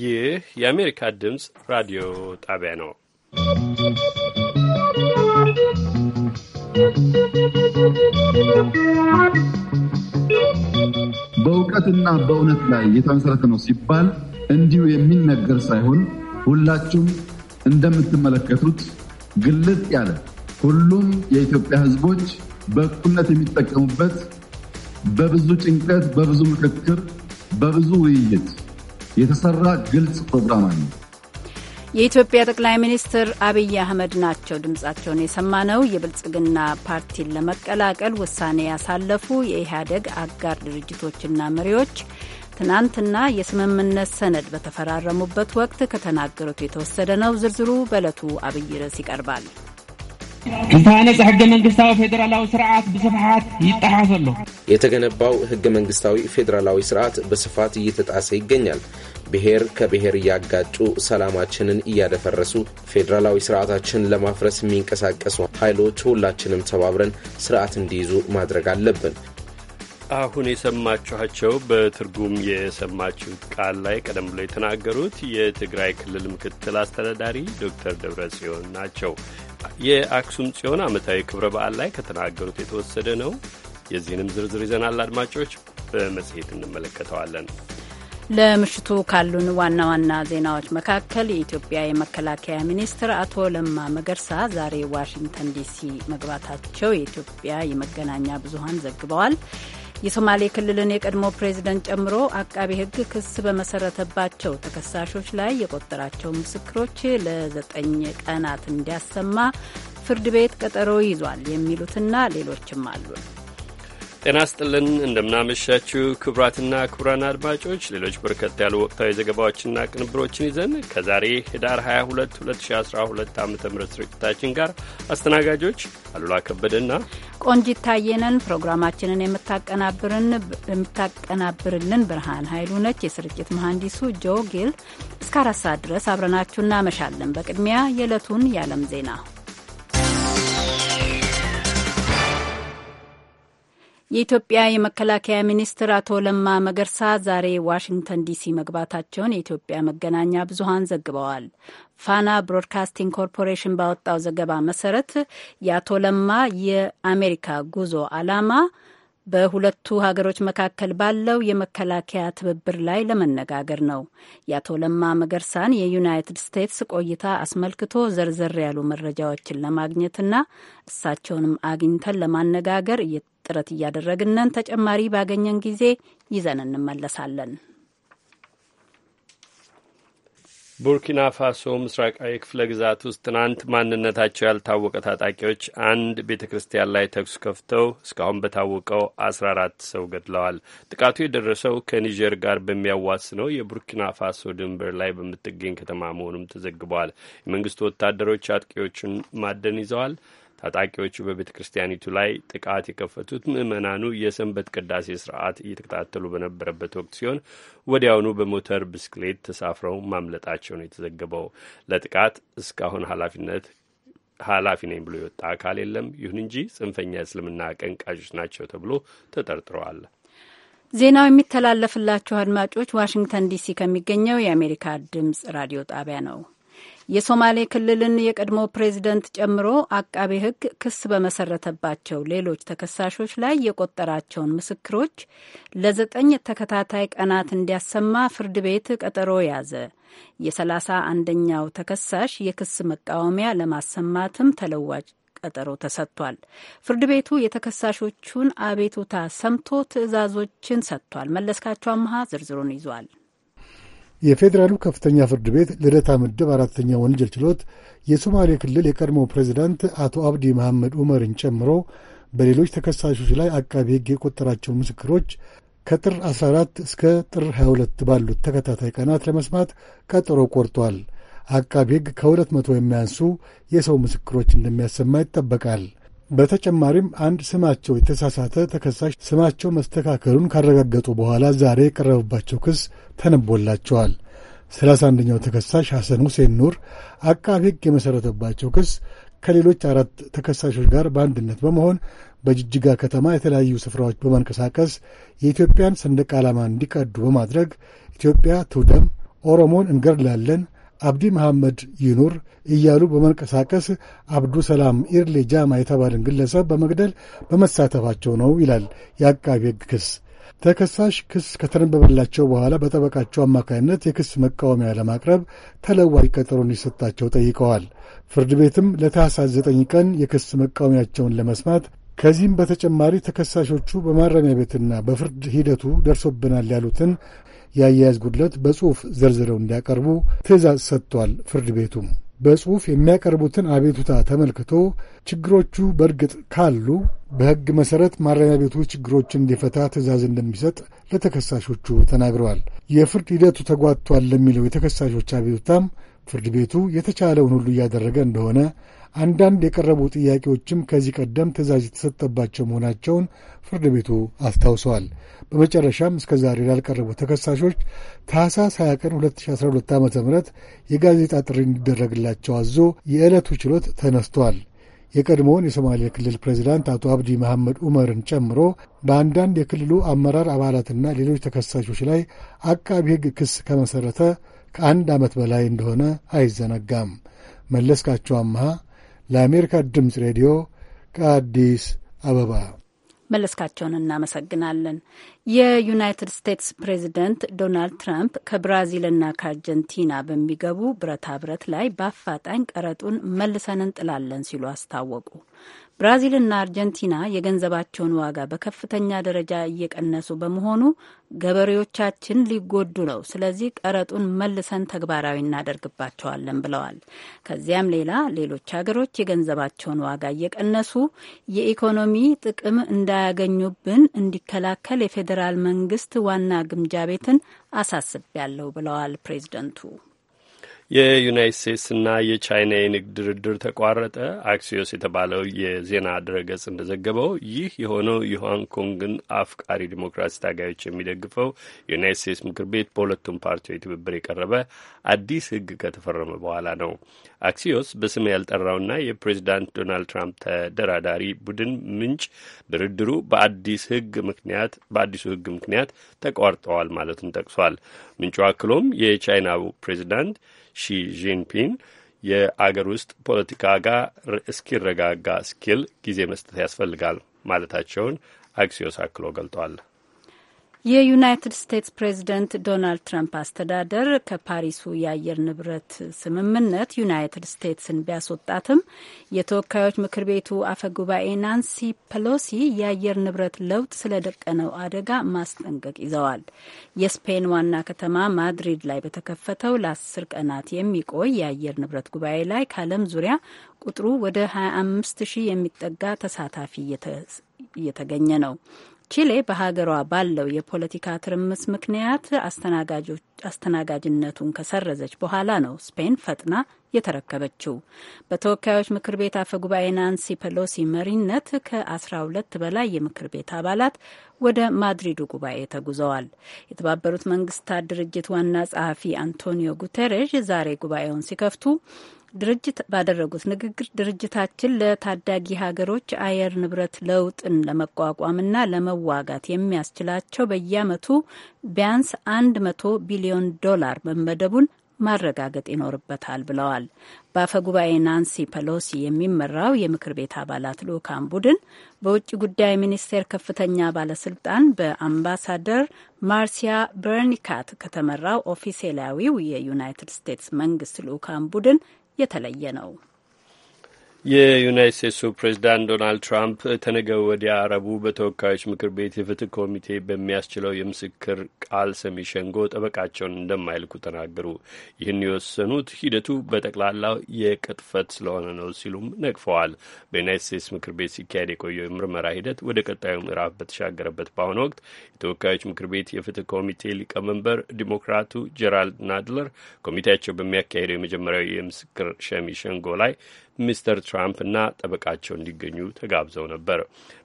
ይህ የአሜሪካ ድምፅ ራዲዮ ጣቢያ ነው። በእውቀትና በእውነት ላይ የተመሰረተ ነው ሲባል እንዲሁ የሚነገር ሳይሆን ሁላችሁም እንደምትመለከቱት ግልጥ ያለ ሁሉም የኢትዮጵያ ሕዝቦች በእኩልነት የሚጠቀሙበት በብዙ ጭንቀት፣ በብዙ ምክክር፣ በብዙ ውይይት የተሰራ ግልጽ ፕሮግራም አለ። የኢትዮጵያ ጠቅላይ ሚኒስትር አብይ አህመድ ናቸው ድምጻቸውን የሰማነው። የብልጽግና ፓርቲን ለመቀላቀል ውሳኔ ያሳለፉ የኢህአዴግ አጋር ድርጅቶችና መሪዎች ትናንትና የስምምነት ሰነድ በተፈራረሙበት ወቅት ከተናገሩት የተወሰደ ነው። ዝርዝሩ በዕለቱ አብይ ርዕስ ይቀርባል። ዝተሃነፀ ህገ መንግስታዊ ፌዴራላዊ ስርዓት ብስፋት ይጠሓስ የተገነባው ህገ መንግስታዊ ፌዴራላዊ ስርዓት በስፋት እየተጣሰ ይገኛል። ብሔር ከብሔር እያጋጩ ሰላማችንን እያደፈረሱ ፌዴራላዊ ስርዓታችን ለማፍረስ የሚንቀሳቀሱ ኃይሎች ሁላችንም ተባብረን ስርዓት እንዲይዙ ማድረግ አለብን። አሁን የሰማችኋቸው በትርጉም የሰማችሁት ቃል ላይ ቀደም ብሎ የተናገሩት የትግራይ ክልል ምክትል አስተዳዳሪ ዶክተር ደብረ ጽዮን ናቸው። የአክሱም ጽዮን ዓመታዊ ክብረ በዓል ላይ ከተናገሩት የተወሰደ ነው። የዚህንም ዝርዝር ይዘናል አድማጮች፣ በመጽሔት እንመለከተዋለን። ለምሽቱ ካሉን ዋና ዋና ዜናዎች መካከል የኢትዮጵያ የመከላከያ ሚኒስትር አቶ ለማ መገርሳ ዛሬ ዋሽንግተን ዲሲ መግባታቸው የኢትዮጵያ የመገናኛ ብዙኃን ዘግበዋል። የሶማሌ ክልልን የቀድሞ ፕሬዝደንት ጨምሮ አቃቤ ሕግ ክስ በመሰረተባቸው ተከሳሾች ላይ የቆጠራቸው ምስክሮች ለዘጠኝ ቀናት እንዲያሰማ ፍርድ ቤት ቀጠሮ ይዟል። የሚሉትና ሌሎችም አሉን። ጤና ስጥልን እንደምናመሻችው ክቡራትና ክቡራን አድማጮች ሌሎች በርከት ያሉ ወቅታዊ ዘገባዎችና ቅንብሮችን ይዘን ከዛሬ ህዳር 22 2012 ዓ ም ስርጭታችን ጋር አስተናጋጆች አሉላ ከበደና ቆንጂት ታየነን። ፕሮግራማችንን የምታቀናብርልን ብርሃን ኃይሉ ነች። የስርጭት መሐንዲሱ ጆ ጌል። እስከ አራት ሰዓት ድረስ አብረናችሁ እናመሻለን። በቅድሚያ የዕለቱን የዓለም ዜና የኢትዮጵያ የመከላከያ ሚኒስትር አቶ ለማ መገርሳ ዛሬ ዋሽንግተን ዲሲ መግባታቸውን የኢትዮጵያ መገናኛ ብዙሃን ዘግበዋል። ፋና ብሮድካስቲንግ ኮርፖሬሽን ባወጣው ዘገባ መሰረት የአቶ ለማ የአሜሪካ ጉዞ ዓላማ በሁለቱ ሀገሮች መካከል ባለው የመከላከያ ትብብር ላይ ለመነጋገር ነው። የአቶ ለማ መገርሳን የዩናይትድ ስቴትስ ቆይታ አስመልክቶ ዘርዘር ያሉ መረጃዎችን ለማግኘትና እሳቸውንም አግኝተን ለማነጋገር ጥረት እያደረግነን ተጨማሪ ባገኘን ጊዜ ይዘን እንመለሳለን። ቡርኪና ፋሶ ምስራቃዊ ክፍለ ግዛት ውስጥ ትናንት ማንነታቸው ያልታወቀ ታጣቂዎች አንድ ቤተ ክርስቲያን ላይ ተኩስ ከፍተው እስካሁን በታወቀው አስራ አራት ሰው ገድለዋል። ጥቃቱ የደረሰው ከኒጀር ጋር በሚያዋስነው የቡርኪና ፋሶ ድንበር ላይ በምትገኝ ከተማ መሆኑም ተዘግበዋል። የመንግስቱ ወታደሮች አጥቂዎቹን ማደን ይዘዋል። ታጣቂዎቹ በቤተ ክርስቲያኒቱ ላይ ጥቃት የከፈቱት ምዕመናኑ የሰንበት ቅዳሴ ስርዓት እየተከታተሉ በነበረበት ወቅት ሲሆን ወዲያውኑ በሞተር ብስክሌት ተሳፍረው ማምለጣቸው ነው የተዘገበው። ለጥቃት እስካሁን ኃላፊነት ኃላፊ ነኝ ብሎ የወጣ አካል የለም። ይሁን እንጂ ጽንፈኛ እስልምና አቀንቃሾች ናቸው ተብሎ ተጠርጥረዋል። ዜናው የሚተላለፍላችሁ አድማጮች ዋሽንግተን ዲሲ ከሚገኘው የአሜሪካ ድምጽ ራዲዮ ጣቢያ ነው። የሶማሌ ክልልን የቀድሞ ፕሬዚደንት ጨምሮ አቃቤ ሕግ ክስ በመሰረተባቸው ሌሎች ተከሳሾች ላይ የቆጠራቸውን ምስክሮች ለዘጠኝ ተከታታይ ቀናት እንዲያሰማ ፍርድ ቤት ቀጠሮ ያዘ። የሰላሳ አንደኛው ተከሳሽ የክስ መቃወሚያ ለማሰማትም ተለዋጭ ቀጠሮ ተሰጥቷል። ፍርድ ቤቱ የተከሳሾቹን አቤቱታ ሰምቶ ትዕዛዞችን ሰጥቷል። መለስካቸው አምሃ ዝርዝሩን ይዟል። የፌዴራሉ ከፍተኛ ፍርድ ቤት ልደታ ምድብ አራተኛ ወንጀል ችሎት የሶማሌ ክልል የቀድሞ ፕሬዚዳንት አቶ አብዲ መሐመድ ዑመርን ጨምሮ በሌሎች ተከሳሾች ላይ አቃቢ ሕግ የቆጠራቸው ምስክሮች ከጥር 14 እስከ ጥር 22 ባሉት ተከታታይ ቀናት ለመስማት ቀጠሮ ቆርጧል። አቃቢ ሕግ ከሁለት መቶ የሚያንሱ የሰው ምስክሮች እንደሚያሰማ ይጠበቃል። በተጨማሪም አንድ ስማቸው የተሳሳተ ተከሳሽ ስማቸው መስተካከሉን ካረጋገጡ በኋላ ዛሬ የቀረበባቸው ክስ ተነቦላቸዋል። ሰላሳ አንደኛው ተከሳሽ ሐሰን ሁሴን ኑር አቃቢ ሕግ የመሠረተባቸው ክስ ከሌሎች አራት ተከሳሾች ጋር በአንድነት በመሆን በጅጅጋ ከተማ የተለያዩ ስፍራዎች በመንቀሳቀስ የኢትዮጵያን ሰንደቅ ዓላማ እንዲቀዱ በማድረግ ኢትዮጵያ ትውደም፣ ኦሮሞን እንገድላለን አብዲ መሐመድ ይኑር እያሉ በመንቀሳቀስ አብዱ ሰላም ኢርሌ ጃማ የተባለን ግለሰብ በመግደል በመሳተፋቸው ነው ይላል የአቃቢ ሕግ ክስ። ተከሳሽ ክስ ከተነበበላቸው በኋላ በጠበቃቸው አማካኝነት የክስ መቃወሚያ ለማቅረብ ተለዋጭ ቀጠሮ እንዲሰጣቸው ጠይቀዋል። ፍርድ ቤትም ለታህሳስ ዘጠኝ ቀን የክስ መቃወሚያቸውን ለመስማት ከዚህም በተጨማሪ ተከሳሾቹ በማረሚያ ቤትና በፍርድ ሂደቱ ደርሶብናል ያሉትን የአያያዝ ጉድለት በጽሑፍ ዘርዝረው እንዲያቀርቡ ትዕዛዝ ሰጥቷል። ፍርድ ቤቱም በጽሑፍ የሚያቀርቡትን አቤቱታ ተመልክቶ ችግሮቹ በእርግጥ ካሉ በሕግ መሠረት ማረሚያ ቤቱ ችግሮችን እንዲፈታ ትዕዛዝ እንደሚሰጥ ለተከሳሾቹ ተናግረዋል። የፍርድ ሂደቱ ተጓቷል ለሚለው የተከሳሾች አቤቱታም ፍርድ ቤቱ የተቻለውን ሁሉ እያደረገ እንደሆነ አንዳንድ የቀረቡ ጥያቄዎችም ከዚህ ቀደም ትዕዛዝ የተሰጠባቸው መሆናቸውን ፍርድ ቤቱ አስታውሰዋል። በመጨረሻም እስከ ዛሬ ላልቀረቡ ተከሳሾች ታህሳስ 20 ቀን 2012 ዓ ም የጋዜጣ ጥሪ እንዲደረግላቸው አዞ የዕለቱ ችሎት ተነስቷል። የቀድሞውን የሶማሌ ክልል ፕሬዚዳንት አቶ አብዲ መሐመድ ዑመርን ጨምሮ በአንዳንድ የክልሉ አመራር አባላትና ሌሎች ተከሳሾች ላይ አቃቢ ሕግ ክስ ከመሠረተ ከአንድ ዓመት በላይ እንደሆነ አይዘነጋም። መለስካቸው አምሃ ለአሜሪካ ድምፅ ሬዲዮ ከአዲስ አበባ መለስካቸውን እናመሰግናለን። የዩናይትድ ስቴትስ ፕሬዚደንት ዶናልድ ትራምፕ ከብራዚልና ከአርጀንቲና በሚገቡ ብረታ ብረት ላይ በአፋጣኝ ቀረጡን መልሰን እንጥላለን ሲሉ አስታወቁ። ብራዚልና አርጀንቲና የገንዘባቸውን ዋጋ በከፍተኛ ደረጃ እየቀነሱ በመሆኑ ገበሬዎቻችን ሊጎዱ ነው። ስለዚህ ቀረጡን መልሰን ተግባራዊ እናደርግባቸዋለን ብለዋል። ከዚያም ሌላ ሌሎች ሀገሮች የገንዘባቸውን ዋጋ እየቀነሱ የኢኮኖሚ ጥቅም እንዳያገኙብን እንዲከላከል የፌዴራል መንግስት ዋና ግምጃ ቤትን አሳስቤያለሁ ብለዋል ፕሬዚደንቱ። የዩናይት ስቴትስና የቻይና የንግድ ድርድር ተቋረጠ። አክሲዮስ የተባለው የዜና ድረገጽ እንደዘገበው ይህ የሆነው የሆንግ ኮንግን አፍቃሪ ዲሞክራሲ ታጋዮች የሚደግፈው የዩናይት ስቴትስ ምክር ቤት በሁለቱም ፓርቲዎች ትብብር የቀረበ አዲስ ሕግ ከተፈረመ በኋላ ነው። አክሲዮስ በስም ያልጠራውና የፕሬዚዳንት ዶናልድ ትራምፕ ተደራዳሪ ቡድን ምንጭ ድርድሩ በአዲስ ሕግ ምክንያት በአዲሱ ሕግ ምክንያት ተቋርጠዋል ማለቱን ጠቅሷል። ምንጩ አክሎም የቻይናው ፕሬዚዳንት ሺጂንፒንግ የአገር ውስጥ ፖለቲካ ጋር እስኪረጋጋ እስኪል ጊዜ መስጠት ያስፈልጋል ማለታቸውን አክሲዮስ አክሎ ገልጧል። የዩናይትድ ስቴትስ ፕሬዚደንት ዶናልድ ትራምፕ አስተዳደር ከፓሪሱ የአየር ንብረት ስምምነት ዩናይትድ ስቴትስን ቢያስወጣትም የተወካዮች ምክር ቤቱ አፈ ጉባኤ ናንሲ ፐሎሲ የአየር ንብረት ለውጥ ስለደቀነው አደጋ ማስጠንቀቅ ይዘዋል። የስፔን ዋና ከተማ ማድሪድ ላይ በተከፈተው ለአስር ቀናት የሚቆይ የአየር ንብረት ጉባኤ ላይ ከዓለም ዙሪያ ቁጥሩ ወደ 25 ሺህ የሚጠጋ ተሳታፊ እየተገኘ ነው። ቺሌ በሀገሯ ባለው የፖለቲካ ትርምስ ምክንያት አስተናጋጅነቱን ከሰረዘች በኋላ ነው ስፔን ፈጥና የተረከበችው። በተወካዮች ምክር ቤት አፈ ጉባኤ ናንሲ ፐሎሲ መሪነት ከ12 በላይ የምክር ቤት አባላት ወደ ማድሪዱ ጉባኤ ተጉዘዋል። የተባበሩት መንግስታት ድርጅት ዋና ጸሐፊ አንቶኒዮ ጉተሬዥ ዛሬ ጉባኤውን ሲከፍቱ ድርጅት ባደረጉት ንግግር ድርጅታችን ለታዳጊ ሀገሮች አየር ንብረት ለውጥን ለመቋቋምና ለመዋጋት የሚያስችላቸው በየዓመቱ ቢያንስ አንድ መቶ ቢሊዮን ዶላር መመደቡን ማረጋገጥ ይኖርበታል ብለዋል። በአፈ ጉባኤ ናንሲ ፐሎሲ የሚመራው የምክር ቤት አባላት ልዑካን ቡድን በውጭ ጉዳይ ሚኒስቴር ከፍተኛ ባለስልጣን በአምባሳደር ማርሲያ በርኒካት ከተመራው ኦፊሴላዊው የዩናይትድ ስቴትስ መንግስት ልዑካን ቡድን የተለየ ነው። የዩናይት ስቴትሱ ፕሬዚዳንት ዶናልድ ትራምፕ ተነገ ወዲያ አረቡ በተወካዮች ምክር ቤት የፍትህ ኮሚቴ በሚያስችለው የምስክር ቃል ሰሚ ሸንጎ ጠበቃቸውን እንደማይልኩ ተናገሩ። ይህን የወሰኑት ሂደቱ በጠቅላላው የቅጥፈት ስለሆነ ነው ሲሉም ነቅፈዋል። በዩናይት ስቴትስ ምክር ቤት ሲካሄድ የቆየው የምርመራ ሂደት ወደ ቀጣዩ ምዕራፍ በተሻገረበት በአሁኑ ወቅት የተወካዮች ምክር ቤት የፍትህ ኮሚቴ ሊቀመንበር ዲሞክራቱ ጀራልድ ናድለር ኮሚቴያቸው በሚያካሄደው የመጀመሪያው የምስክር ሰሚ ሸንጎ ላይ ሚስተር ትራምፕ እና ጠበቃቸው እንዲገኙ ተጋብዘው ነበር።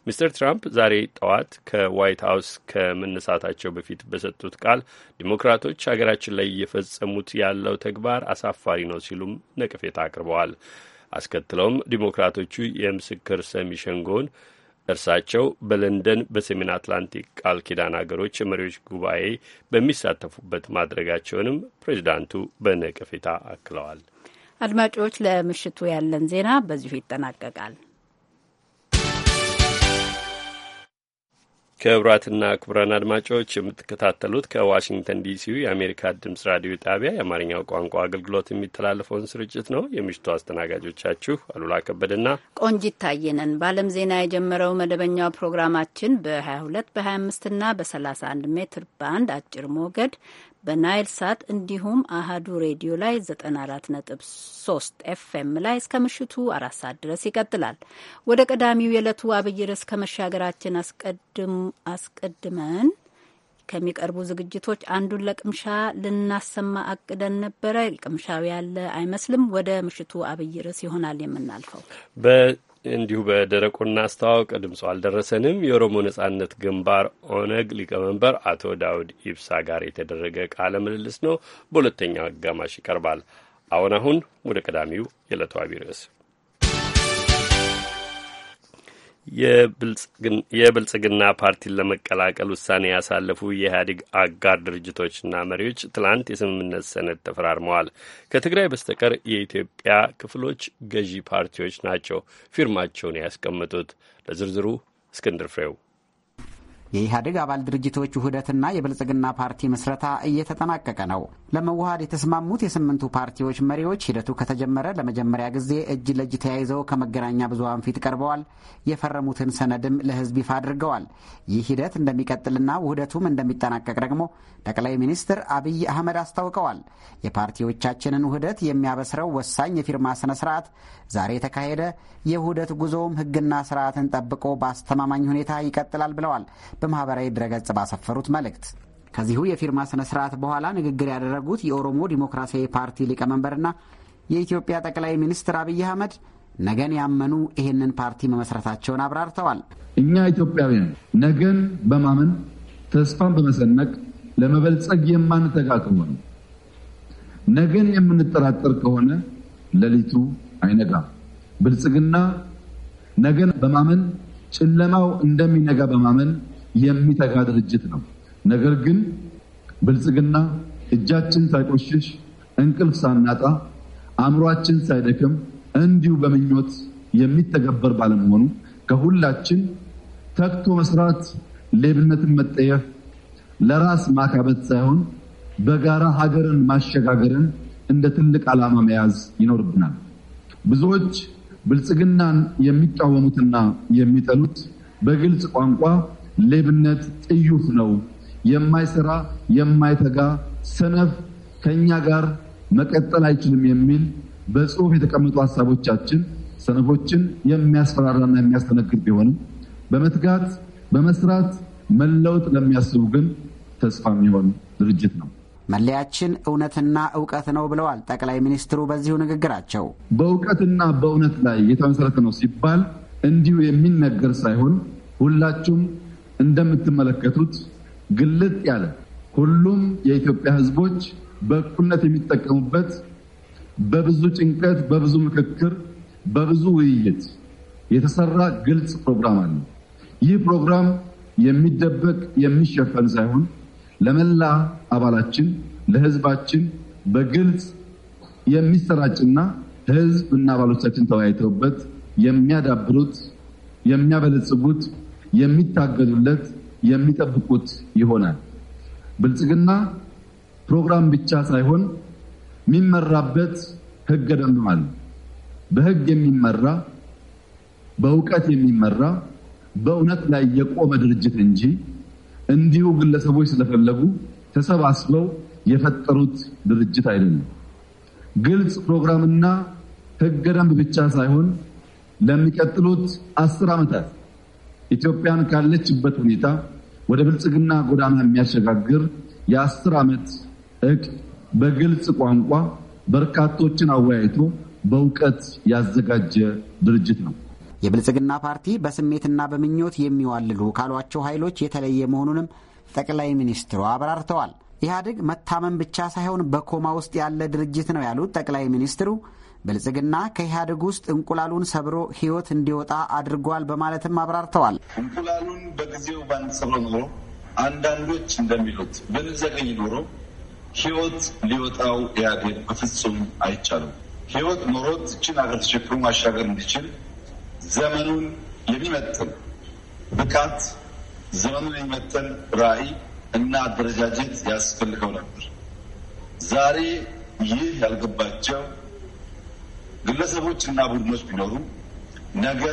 ሚስተር ትራምፕ ዛሬ ጠዋት ከዋይት ሀውስ ከመነሳታቸው በፊት በሰጡት ቃል ዲሞክራቶች ሀገራችን ላይ እየፈጸሙት ያለው ተግባር አሳፋሪ ነው ሲሉም ነቅፌታ አቅርበዋል። አስከትለውም ዲሞክራቶቹ የምስክር ሰሚ ሸንጎን እርሳቸው በለንደን በሰሜን አትላንቲክ ቃል ኪዳን አገሮች የመሪዎች ጉባኤ በሚሳተፉበት ማድረጋቸውንም ፕሬዚዳንቱ በነቀፌታ አክለዋል። አድማጮች፣ ለምሽቱ ያለን ዜና በዚሁ ይጠናቀቃል። ክቡራትና ክቡራን አድማጮች የምትከታተሉት ከዋሽንግተን ዲሲው የአሜሪካ ድምጽ ራዲዮ ጣቢያ የአማርኛው ቋንቋ አገልግሎት የሚተላለፈውን ስርጭት ነው። የምሽቱ አስተናጋጆቻችሁ አሉላ ከበደና ቆንጂት ታየነን። በዓለም ዜና የጀመረው መደበኛው ፕሮግራማችን በ22 በ25ና በ31 ሜትር ባንድ አጭር ሞገድ በናይል ሳት እንዲሁም አሃዱ ሬዲዮ ላይ 94.3 ኤፍኤም ላይ እስከ ምሽቱ አራት ሰዓት ድረስ ይቀጥላል። ወደ ቀዳሚው የዕለቱ አብይ ርዕስ ከመሻገራችን አስቀድመን ከሚቀርቡ ዝግጅቶች አንዱን ለቅምሻ ልናሰማ አቅደን ነበረ። ቅምሻው ያለ አይመስልም። ወደ ምሽቱ አብይ ርዕስ ይሆናል የምናልፈው። እንዲሁ በደረቁና አስተዋወቅ ድምፁ አልደረሰንም። የኦሮሞ ነጻነት ግንባር ኦነግ ሊቀመንበር አቶ ዳውድ ኢብሳ ጋር የተደረገ ቃለ ምልልስ ነው። በሁለተኛው አጋማሽ ይቀርባል። አሁን አሁን ወደ ቀዳሚው የዕለቱ አቢይ ርዕስ የብልጽግና ፓርቲን ለመቀላቀል ውሳኔ ያሳለፉ የኢህአዴግ አጋር ድርጅቶችና መሪዎች ትላንት የስምምነት ሰነድ ተፈራርመዋል። ከትግራይ በስተቀር የኢትዮጵያ ክፍሎች ገዢ ፓርቲዎች ናቸው ፊርማቸውን ያስቀምጡት ለዝርዝሩ እስክንድር ፍሬው የኢህአዴግ አባል ድርጅቶች ውህደትና የብልጽግና ፓርቲ ምስረታ እየተጠናቀቀ ነው። ለመዋሃድ የተስማሙት የስምንቱ ፓርቲዎች መሪዎች ሂደቱ ከተጀመረ ለመጀመሪያ ጊዜ እጅ ለእጅ ተያይዘው ከመገናኛ ብዙሃን ፊት ቀርበዋል። የፈረሙትን ሰነድም ለህዝብ ይፋ አድርገዋል። ይህ ሂደት እንደሚቀጥልና ውህደቱም እንደሚጠናቀቅ ደግሞ ጠቅላይ ሚኒስትር አብይ አህመድ አስታውቀዋል። የፓርቲዎቻችንን ውህደት የሚያበስረው ወሳኝ የፊርማ ስነ ስርዓት ዛሬ የተካሄደ የውህደት ጉዞውም ህግና ስርዓትን ጠብቆ በአስተማማኝ ሁኔታ ይቀጥላል ብለዋል። በማህበራዊ ድረገጽ ባሰፈሩት መልእክት ከዚሁ የፊርማ ስነ ስርዓት በኋላ ንግግር ያደረጉት የኦሮሞ ዲሞክራሲያዊ ፓርቲ ሊቀመንበርና የኢትዮጵያ ጠቅላይ ሚኒስትር አብይ አህመድ ነገን ያመኑ ይህንን ፓርቲ መመስረታቸውን አብራርተዋል። እኛ ኢትዮጵያውያን ነገን በማመን ተስፋን በመሰነቅ ለመበልጸግ የማንተጋ ከሆነ ነገን የምንጠራጠር ከሆነ ሌሊቱ አይነጋም። ብልጽግና ነገን በማመን ጨለማው እንደሚነጋ በማመን የሚተጋ ድርጅት ነው። ነገር ግን ብልጽግና እጃችን ሳይቆሽሽ እንቅልፍ ሳናጣ አእምሯችን ሳይደክም እንዲሁ በምኞት የሚተገበር ባለመሆኑ ከሁላችን ተግቶ መስራት፣ ሌብነትን መጠየፍ፣ ለራስ ማካበት ሳይሆን በጋራ ሀገርን ማሸጋገርን እንደ ትልቅ ዓላማ መያዝ ይኖርብናል። ብዙዎች ብልጽግናን የሚቃወሙትና የሚጠሉት በግልጽ ቋንቋ ሌብነት ጥዩፍ ነው። የማይሰራ የማይተጋ ሰነፍ ከኛ ጋር መቀጠል አይችልም የሚል በጽሁፍ የተቀመጡ ሀሳቦቻችን ሰነፎችን የሚያስፈራራና የሚያስተነግድ ቢሆንም በመትጋት በመስራት መለወጥ ለሚያስቡ ግን ተስፋ የሚሆን ድርጅት ነው። መለያችን እውነትና እውቀት ነው ብለዋል ጠቅላይ ሚኒስትሩ በዚሁ ንግግራቸው። በእውቀትና በእውነት ላይ የተመሰረተ ነው ሲባል እንዲሁ የሚነገር ሳይሆን ሁላችሁም እንደምትመለከቱት ግልጥ ያለ ሁሉም የኢትዮጵያ ሕዝቦች በእኩልነት የሚጠቀሙበት በብዙ ጭንቀት፣ በብዙ ምክክር፣ በብዙ ውይይት የተሰራ ግልጽ ፕሮግራም አለ። ይህ ፕሮግራም የሚደበቅ የሚሸፈን ሳይሆን ለመላ አባላችን ለህዝባችን በግልጽ የሚሰራጭና ህዝብ እና አባሎቻችን ተወያይተውበት የሚያዳብሩት የሚያበለጽጉት የሚታገሉለት የሚጠብቁት ይሆናል። ብልጽግና ፕሮግራም ብቻ ሳይሆን የሚመራበት ህገ ደንብ አለ። በህግ የሚመራ በእውቀት የሚመራ በእውነት ላይ የቆመ ድርጅት እንጂ እንዲሁ ግለሰቦች ስለፈለጉ ተሰባስበው የፈጠሩት ድርጅት አይደለም። ግልጽ ፕሮግራምና ህገ ደንብ ብቻ ሳይሆን ለሚቀጥሉት አስር ዓመታት ኢትዮጵያን ካለችበት ሁኔታ ወደ ብልጽግና ጎዳና የሚያሸጋግር የአስር ዓመት እቅድ በግልጽ ቋንቋ በርካቶችን አወያይቶ በእውቀት ያዘጋጀ ድርጅት ነው። የብልጽግና ፓርቲ በስሜትና በምኞት የሚዋልሉ ካሏቸው ኃይሎች የተለየ መሆኑንም ጠቅላይ ሚኒስትሩ አብራርተዋል። ኢህአዴግ መታመን ብቻ ሳይሆን በኮማ ውስጥ ያለ ድርጅት ነው ያሉት ጠቅላይ ሚኒስትሩ ብልጽግና ከኢህአዴግ ውስጥ እንቁላሉን ሰብሮ ህይወት እንዲወጣ አድርጓል በማለትም አብራርተዋል። እንቁላሉን በጊዜው ባንሰብረው ኖሮ አንዳንዶች እንደሚሉት ብንዘገይ ኖሮ ህይወት ሊወጣው ኢህአዴግ በፍጹም አይቻልም። ህይወት ኖሮት እችን አገር ተሸክሮ ማሻገር እንዲችል ዘመኑን የሚመጥን ብቃት፣ ዘመኑን የሚመጥን ራዕይ እና አደረጃጀት ያስፈልገው ነበር። ዛሬ ይህ ያልገባቸው ግለሰቦች እና ቡድኖች ቢኖሩ ነገ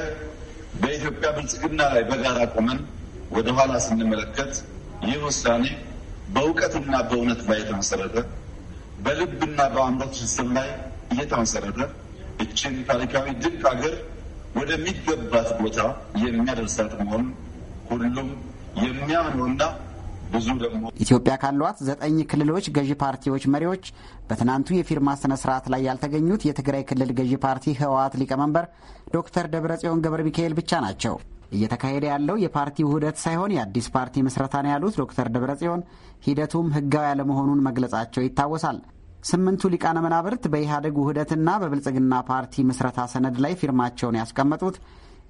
በኢትዮጵያ ብልጽግና ላይ በጋራ ቆመን ወደኋላ ስንመለከት ይህ ውሳኔ በእውቀትና በእውነት ላይ የተመሰረተ በልብና በአምሮ ትስስር ላይ እየተመሰረተ እችን ታሪካዊ ድንቅ ሀገር ወደሚገባት ቦታ የሚያደርሳት መሆኑን ሁሉም የሚያምነውና ብዙ ደግሞ ኢትዮጵያ ካሏት ዘጠኝ ክልሎች ገዢ ፓርቲዎች መሪዎች በትናንቱ የፊርማ ስነ ስርዓት ላይ ያልተገኙት የትግራይ ክልል ገዢ ፓርቲ ህወሓት ሊቀመንበር ዶክተር ደብረጽዮን ገብረ ሚካኤል ብቻ ናቸው። እየተካሄደ ያለው የፓርቲ ውህደት ሳይሆን የአዲስ ፓርቲ ምስረታ ነው ያሉት ዶክተር ደብረጽዮን ሂደቱም ህጋዊ ያለመሆኑን መግለጻቸው ይታወሳል። ስምንቱ ሊቃነ መናብርት በኢህአዴግ ውህደትና በብልጽግና ፓርቲ ምስረታ ሰነድ ላይ ፊርማቸውን ያስቀመጡት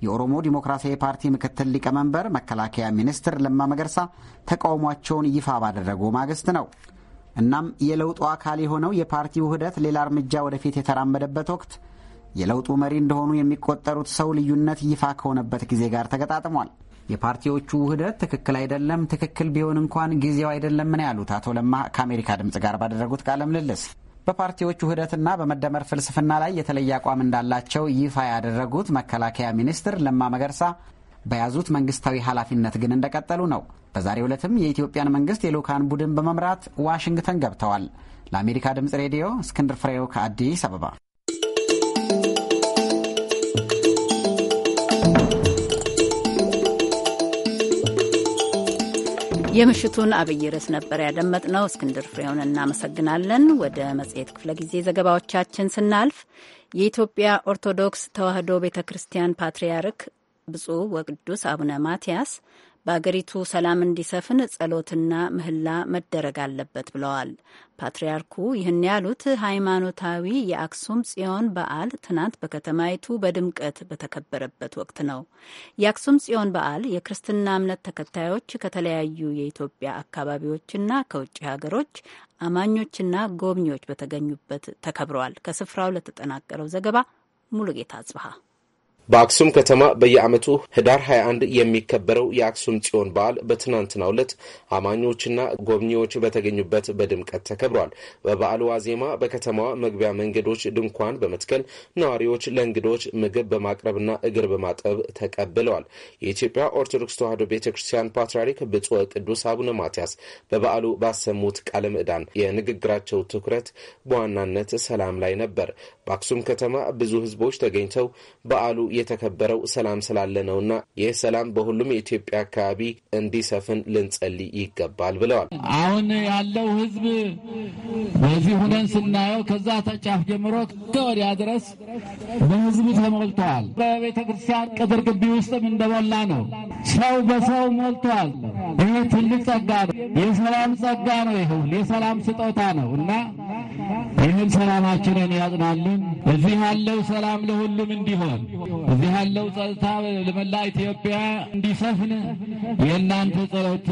የኦሮሞ ዲሞክራሲያዊ ፓርቲ ምክትል ሊቀመንበር መከላከያ ሚኒስትር ለማ መገርሳ ተቃውሟቸውን ይፋ ባደረጉ ማግስት ነው። እናም የለውጡ አካል የሆነው የፓርቲ ውህደት ሌላ እርምጃ ወደፊት የተራመደበት ወቅት የለውጡ መሪ እንደሆኑ የሚቆጠሩት ሰው ልዩነት ይፋ ከሆነበት ጊዜ ጋር ተገጣጥሟል። የፓርቲዎቹ ውህደት ትክክል አይደለም፣ ትክክል ቢሆን እንኳን ጊዜው አይደለም ነው ያሉት አቶ ለማ ከአሜሪካ ድምፅ ጋር ባደረጉት ቃለ ምልልስ በፓርቲዎች ውህደትና በመደመር ፍልስፍና ላይ የተለየ አቋም እንዳላቸው ይፋ ያደረጉት መከላከያ ሚኒስትር ለማ መገርሳ በያዙት መንግስታዊ ኃላፊነት ግን እንደቀጠሉ ነው። በዛሬው ዕለትም የኢትዮጵያን መንግስት የልኡካን ቡድን በመምራት ዋሽንግተን ገብተዋል። ለአሜሪካ ድምፅ ሬዲዮ እስክንድር ፍሬው ከአዲስ አበባ የምሽቱን አብይ ርዕስ ነበር ያደመጥነው። እስክንድር ፍሬውን እናመሰግናለን። ወደ መጽሔት ክፍለ ጊዜ ዘገባዎቻችን ስናልፍ የኢትዮጵያ ኦርቶዶክስ ተዋሕዶ ቤተ ክርስቲያን ፓትርያርክ ብፁዕ ወቅዱስ አቡነ ማትያስ በአገሪቱ ሰላም እንዲሰፍን ጸሎትና ምህላ መደረግ አለበት ብለዋል። ፓትርያርኩ ይህን ያሉት ሃይማኖታዊ የአክሱም ጽዮን በዓል ትናንት በከተማይቱ በድምቀት በተከበረበት ወቅት ነው። የአክሱም ጽዮን በዓል የክርስትና እምነት ተከታዮች ከተለያዩ የኢትዮጵያ አካባቢዎችና ከውጭ ሀገሮች አማኞችና ጎብኚዎች በተገኙበት ተከብረዋል። ከስፍራው ለተጠናቀረው ዘገባ ሙሉጌታ አጽብሃ በአክሱም ከተማ በየዓመቱ ህዳር 21 የሚከበረው የአክሱም ጽዮን በዓል በትናንትናው ዕለት አማኞችና ጎብኚዎች በተገኙበት በድምቀት ተከብሯል። በበዓሉ ዋዜማ በከተማዋ መግቢያ መንገዶች ድንኳን በመትከል ነዋሪዎች ለእንግዶች ምግብ በማቅረብና እግር በማጠብ ተቀብለዋል። የኢትዮጵያ ኦርቶዶክስ ተዋሕዶ ቤተ ክርስቲያን ፓትርያርክ ብፁዕ ቅዱስ አቡነ ማትያስ በበዓሉ ባሰሙት ቃለ ምዕዳን የንግግራቸው ትኩረት በዋናነት ሰላም ላይ ነበር። በአክሱም ከተማ ብዙ ህዝቦች ተገኝተው በዓሉ የተከበረው ሰላም ስላለ ነውና ይህ ሰላም በሁሉም የኢትዮጵያ አካባቢ እንዲሰፍን ልንጸልይ ይገባል ብለዋል። አሁን ያለው ህዝብ በዚህ ሁነን ስናየው ከዛ ተጫፍ ጀምሮ ከወዲያ ድረስ በህዝቡ ተሞልተዋል። በቤተ ክርስቲያን ቅጥር ግቢ ውስጥም እንደሞላ ነው። ሰው በሰው ሞልተዋል። ይህ ትልቅ ጸጋ ነው። የሰላም ጸጋ ነው። ይሁን የሰላም ስጦታ ነው እና ይህን ሰላማችንን ያጽናልን። እዚህ ያለው ሰላም ለሁሉም እንዲሆን፣ እዚህ ያለው ጸጥታ ለመላ ኢትዮጵያ እንዲሰፍን የእናንተ ጸሎት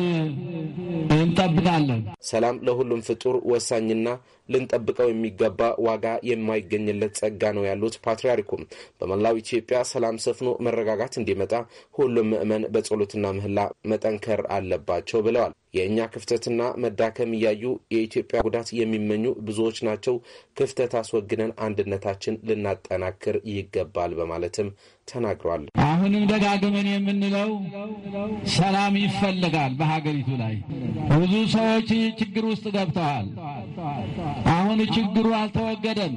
እንጠብቃለን። ሰላም ለሁሉም ፍጡር ወሳኝና ልንጠብቀው የሚገባ ዋጋ የማይገኝለት ጸጋ ነው ያሉት ፓትርያርኩም በመላው ኢትዮጵያ ሰላም ሰፍኖ መረጋጋት እንዲመጣ ሁሉም ምዕመን በጸሎትና ምህላ መጠንከር አለባቸው ብለዋል። የእኛ ክፍተትና መዳከም እያዩ የኢትዮጵያ ጉዳት የሚመኙ ብዙዎች ናቸው። ክፍተት አስወግደን አንድነታችን ልናጠናክር ይገባል በማለትም ተናግሯል። አሁንም ደጋግመን የምንለው ሰላም ይፈልጋል። በሀገሪቱ ላይ ብዙ ሰዎች ችግር ውስጥ ገብተዋል። አሁን ችግሩ አልተወገደም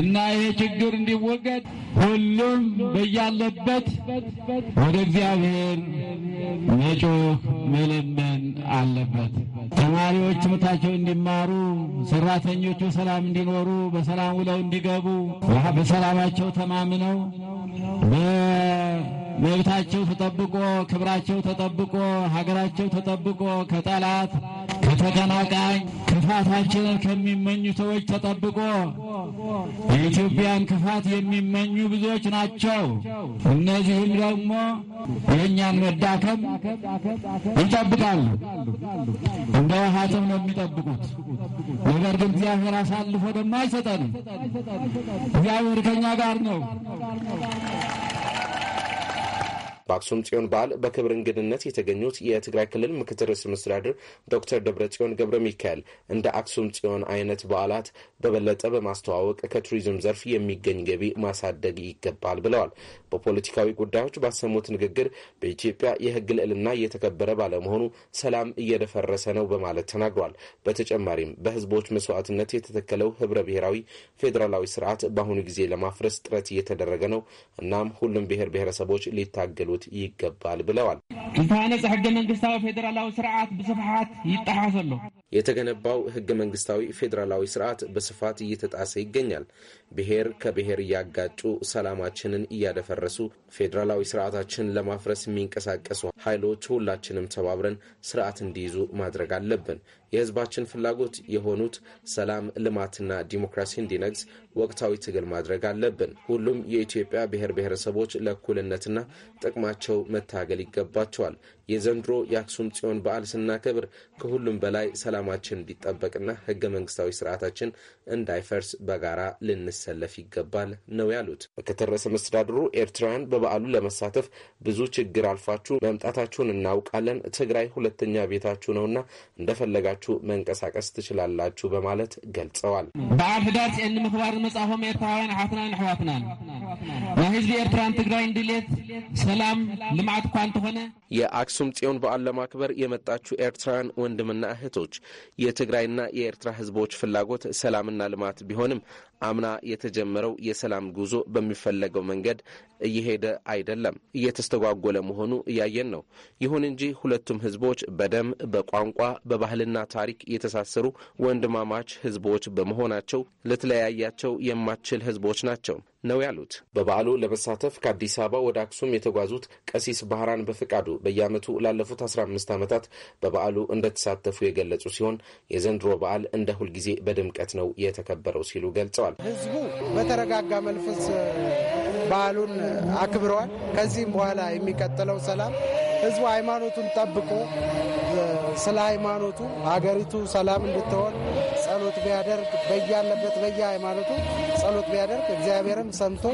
እና ይሄ ችግር እንዲወገድ ሁሉም በያለበት ወደ እግዚአብሔር መጮህ መለመን አለበት። ተማሪዎች ትምህርታቸው እንዲማሩ፣ ሰራተኞቹ ሰላም እንዲኖሩ፣ በሰላም ውለው እንዲገቡ፣ በሰላማቸው ተማምነው መብታቸው ተጠብቆ ክብራቸው ተጠብቆ ሀገራቸው ተጠብቆ ከጠላት ከተቀናቃኝ ክፋታችንን ከሚመኙ ሰዎች ተጠብቆ የኢትዮጵያን ክፋት የሚመኙ ብዙዎች ናቸው። እነዚህም ደግሞ የእኛን መዳከም ይጠብቃሉ። እንደ ውሃ ጥም ነው የሚጠብቁት። ነገር ግን እግዚአብሔር አሳልፎ ደግሞ አይሰጠንም። እግዚአብሔር ከኛ ጋር ነው። በአክሱም ጽዮን በዓል በክብር እንግድነት የተገኙት የትግራይ ክልል ምክትል ርዕሰ መስተዳድር ዶክተር ደብረ ጽዮን ገብረ ሚካኤል እንደ አክሱም ጽዮን አይነት በዓላት በበለጠ በማስተዋወቅ ከቱሪዝም ዘርፍ የሚገኝ ገቢ ማሳደግ ይገባል ብለዋል። በፖለቲካዊ ጉዳዮች ባሰሙት ንግግር በኢትዮጵያ የህግ ልዕልና እየተከበረ ባለመሆኑ ሰላም እየደፈረሰ ነው በማለት ተናግሯል። በተጨማሪም በህዝቦች መስዋዕትነት የተተከለው ህብረ ብሔራዊ ፌዴራላዊ ስርዓት በአሁኑ ጊዜ ለማፍረስ ጥረት እየተደረገ ነው። እናም ሁሉም ብሔር ብሔረሰቦች ሊታገሉት ይገባል ብለዋል። ዝተሃነፀ ሕገ መንግስታዊ ፌዴራላዊ ስርዓት ብስፍሓት ይጠሓሰ የተገነባው ህገ መንግስታዊ ፌዴራላዊ ስርዓት በስፋት እየተጣሰ ይገኛል። ብሔር ከብሔር እያጋጩ ሰላማችንን እያደፈረሱ ፌዴራላዊ ስርዓታችን ለማፍረስ የሚንቀሳቀሱ ኃይሎች ሁላችንም ተባብረን ስርዓት እንዲይዙ ማድረግ አለብን። የህዝባችን ፍላጎት የሆኑት ሰላም፣ ልማትና ዲሞክራሲ እንዲነግስ ወቅታዊ ትግል ማድረግ አለብን። ሁሉም የኢትዮጵያ ብሔር ብሔረሰቦች ለእኩልነትና ጥቅማቸው መታገል ይገባቸዋል። የዘንድሮ የአክሱም ጽዮን በዓል ስናከብር ከሁሉም በላይ ሰላማችን እንዲጠበቅና ህገ መንግስታዊ ስርዓታችን እንዳይፈርስ በጋራ ልንሰለፍ ይገባል ነው ያሉት ምክትል ርዕሰ መስተዳድሩ ኤርትራውያን በበዓሉ ለመሳተፍ ብዙ ችግር አልፋችሁ መምጣታችሁን እናውቃለን። ትግራይ ሁለተኛ ቤታችሁ ነውና እንደፈለጋችሁ መንቀሳቀስ ትችላላችሁ በማለት ገልጸዋል። በዓል ህዳር ጽዮን ምክባር መጻፎም ኤርትራውያን ኣሓትናን ኣሕዋትናን ናይ ህዝቢ ኤርትራን ትግራይን ድሌት ሰላም ልምዓት እኳ እንተኾነ የአክሱም ጽዮን በዓል ለማክበር የመጣችሁ ኤርትራውያን ወንድምና እህቶች የትግራይና የኤርትራ ህዝቦች ፍላጎት ሰላምና ልማት ቢሆንም አምና የተጀመረው የሰላም ጉዞ በሚፈለገው መንገድ እየሄደ አይደለም፣ እየተስተጓጎለ መሆኑ እያየን ነው። ይሁን እንጂ ሁለቱም ህዝቦች በደም በቋንቋ፣ በባህልና ታሪክ የተሳሰሩ ወንድማማች ህዝቦች በመሆናቸው ልትለያያቸው የማችል ህዝቦች ናቸው። ነው ያሉት። በበዓሉ ለመሳተፍ ከአዲስ አበባ ወደ አክሱም የተጓዙት ቀሲስ ባህራን በፈቃዱ በየዓመቱ ላለፉት 15 ዓመታት በበዓሉ እንደተሳተፉ የገለጹ ሲሆን የዘንድሮ በዓል እንደ ሁልጊዜ በድምቀት ነው የተከበረው ሲሉ ገልጸዋል። ህዝቡ በተረጋጋ መንፈስ በዓሉን አክብረዋል። ከዚህም በኋላ የሚቀጥለው ሰላም ህዝቡ ሃይማኖቱን ጠብቆ ስለ ሃይማኖቱ ሀገሪቱ ሰላም እንድትሆን ጸሎ ቢያደርግ በያለበት በየሃይማኖቱ ጸሎት ቢያደርግ እግዚአብሔርም ሰምቶ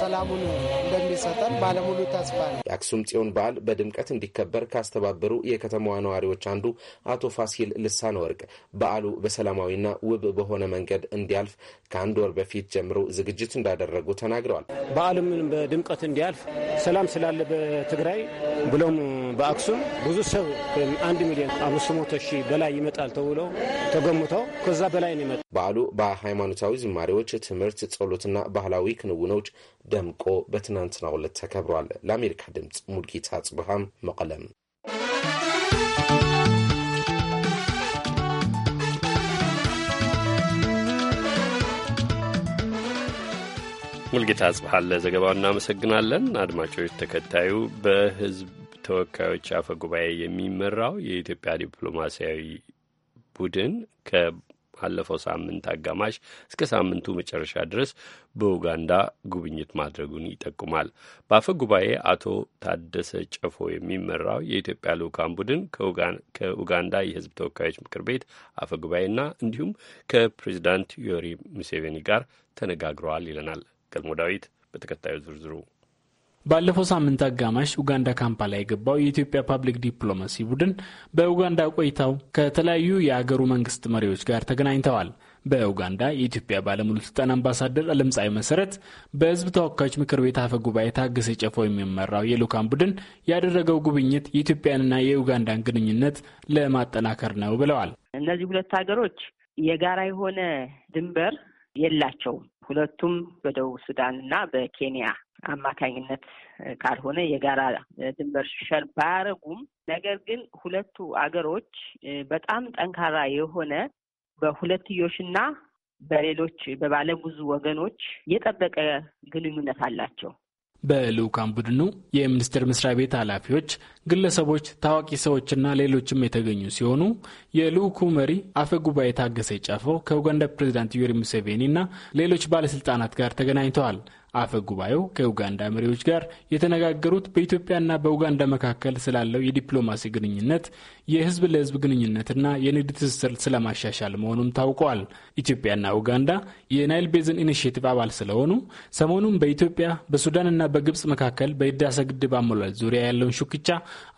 ሰላሙን እንደሚሰጠን ባለሙሉ ተስፋ ነው። የአክሱም ጽዮን በዓል በድምቀት እንዲከበር ካስተባበሩ የከተማዋ ነዋሪዎች አንዱ አቶ ፋሲል ልሳነ ወርቅ በዓሉ በሰላማዊና ውብ በሆነ መንገድ እንዲያልፍ ከአንድ ወር በፊት ጀምሮ ዝግጅት እንዳደረጉ ተናግረዋል። በዓሉም በድምቀት እንዲያልፍ ሰላም ስላለ በትግራይ ብሎም በአክሱም ብዙ ሰው አንድ ሚሊዮን አምስት መቶ ሺህ በላይ ይመጣል ተብሎ ተገምተው ከዛ በላይ ላይ ነው ይመጣ። በዓሉ በሃይማኖታዊ ዝማሬዎች፣ ትምህርት፣ ጸሎትና ባህላዊ ክንውኖች ደምቆ በትናንትናው ዕለት ተከብሯል። ለአሜሪካ ድምፅ ሙልጌታ ጽብሃም መቀለም። ሙልጌታ ጽብሃለ ለዘገባው እናመሰግናለን። አድማጮች፣ ተከታዩ በህዝብ ተወካዮች አፈ ጉባኤ የሚመራው የኢትዮጵያ ዲፕሎማሲያዊ ቡድን ካለፈው ሳምንት አጋማሽ እስከ ሳምንቱ መጨረሻ ድረስ በኡጋንዳ ጉብኝት ማድረጉን ይጠቁማል። በአፈ ጉባኤ አቶ ታደሰ ጨፎ የሚመራው የኢትዮጵያ ልዑካን ቡድን ከኡጋንዳ የሕዝብ ተወካዮች ምክር ቤት አፈ ጉባኤና እንዲሁም ከፕሬዚዳንት ዮሪ ሙሴቬኒ ጋር ተነጋግረዋል ይለናል ገልሞ ዳዊት በተከታዩ ዝርዝሩ ባለፈው ሳምንት አጋማሽ ኡጋንዳ ካምፓላ የገባው የኢትዮጵያ ፓብሊክ ዲፕሎማሲ ቡድን በኡጋንዳ ቆይታው ከተለያዩ የአገሩ መንግስት መሪዎች ጋር ተገናኝተዋል። በኡጋንዳ የኢትዮጵያ ባለሙሉ ስልጣን አምባሳደር አለምፀሐይ መሰረት በህዝብ ተወካዮች ምክር ቤት አፈ ጉባኤ ታገሰ ጨፎ የሚመራው የልዑካን ቡድን ያደረገው ጉብኝት የኢትዮጵያንና የኡጋንዳን ግንኙነት ለማጠናከር ነው ብለዋል። እነዚህ ሁለት ሀገሮች የጋራ የሆነ ድንበር የላቸውም። ሁለቱም በደቡብ ሱዳን እና በኬንያ አማካኝነት ካልሆነ የጋራ ድንበር ሸር ባያረጉም፣ ነገር ግን ሁለቱ አገሮች በጣም ጠንካራ የሆነ በሁለትዮሽና በሌሎች በባለብዙ ወገኖች የጠበቀ ግንኙነት አላቸው። በልዑካን ቡድኑ የሚኒስቴር መስሪያ ቤት ኃላፊዎች፣ ግለሰቦች፣ ታዋቂ ሰዎችና ሌሎችም የተገኙ ሲሆኑ የልዑኩ መሪ አፈ ጉባኤ ታገሰ ጫፈው ከኡጋንዳ ፕሬዚዳንት ዩዌሪ ሙሴቬኒ እና ሌሎች ባለስልጣናት ጋር ተገናኝተዋል። አፈ ጉባኤው ከኡጋንዳ መሪዎች ጋር የተነጋገሩት በኢትዮጵያና በኡጋንዳ መካከል ስላለው የዲፕሎማሲ ግንኙነት፣ የህዝብ ለህዝብ ግንኙነትና የንግድ ትስስር ስለማሻሻል መሆኑም ታውቋል። ኢትዮጵያና ኡጋንዳ የናይል ቤዝን ኢኒሽቲቭ አባል ስለሆኑ ሰሞኑን በኢትዮጵያ በሱዳንና በግብጽ መካከል በህዳሴ ግድብ አሞላል ዙሪያ ያለውን ሹክቻ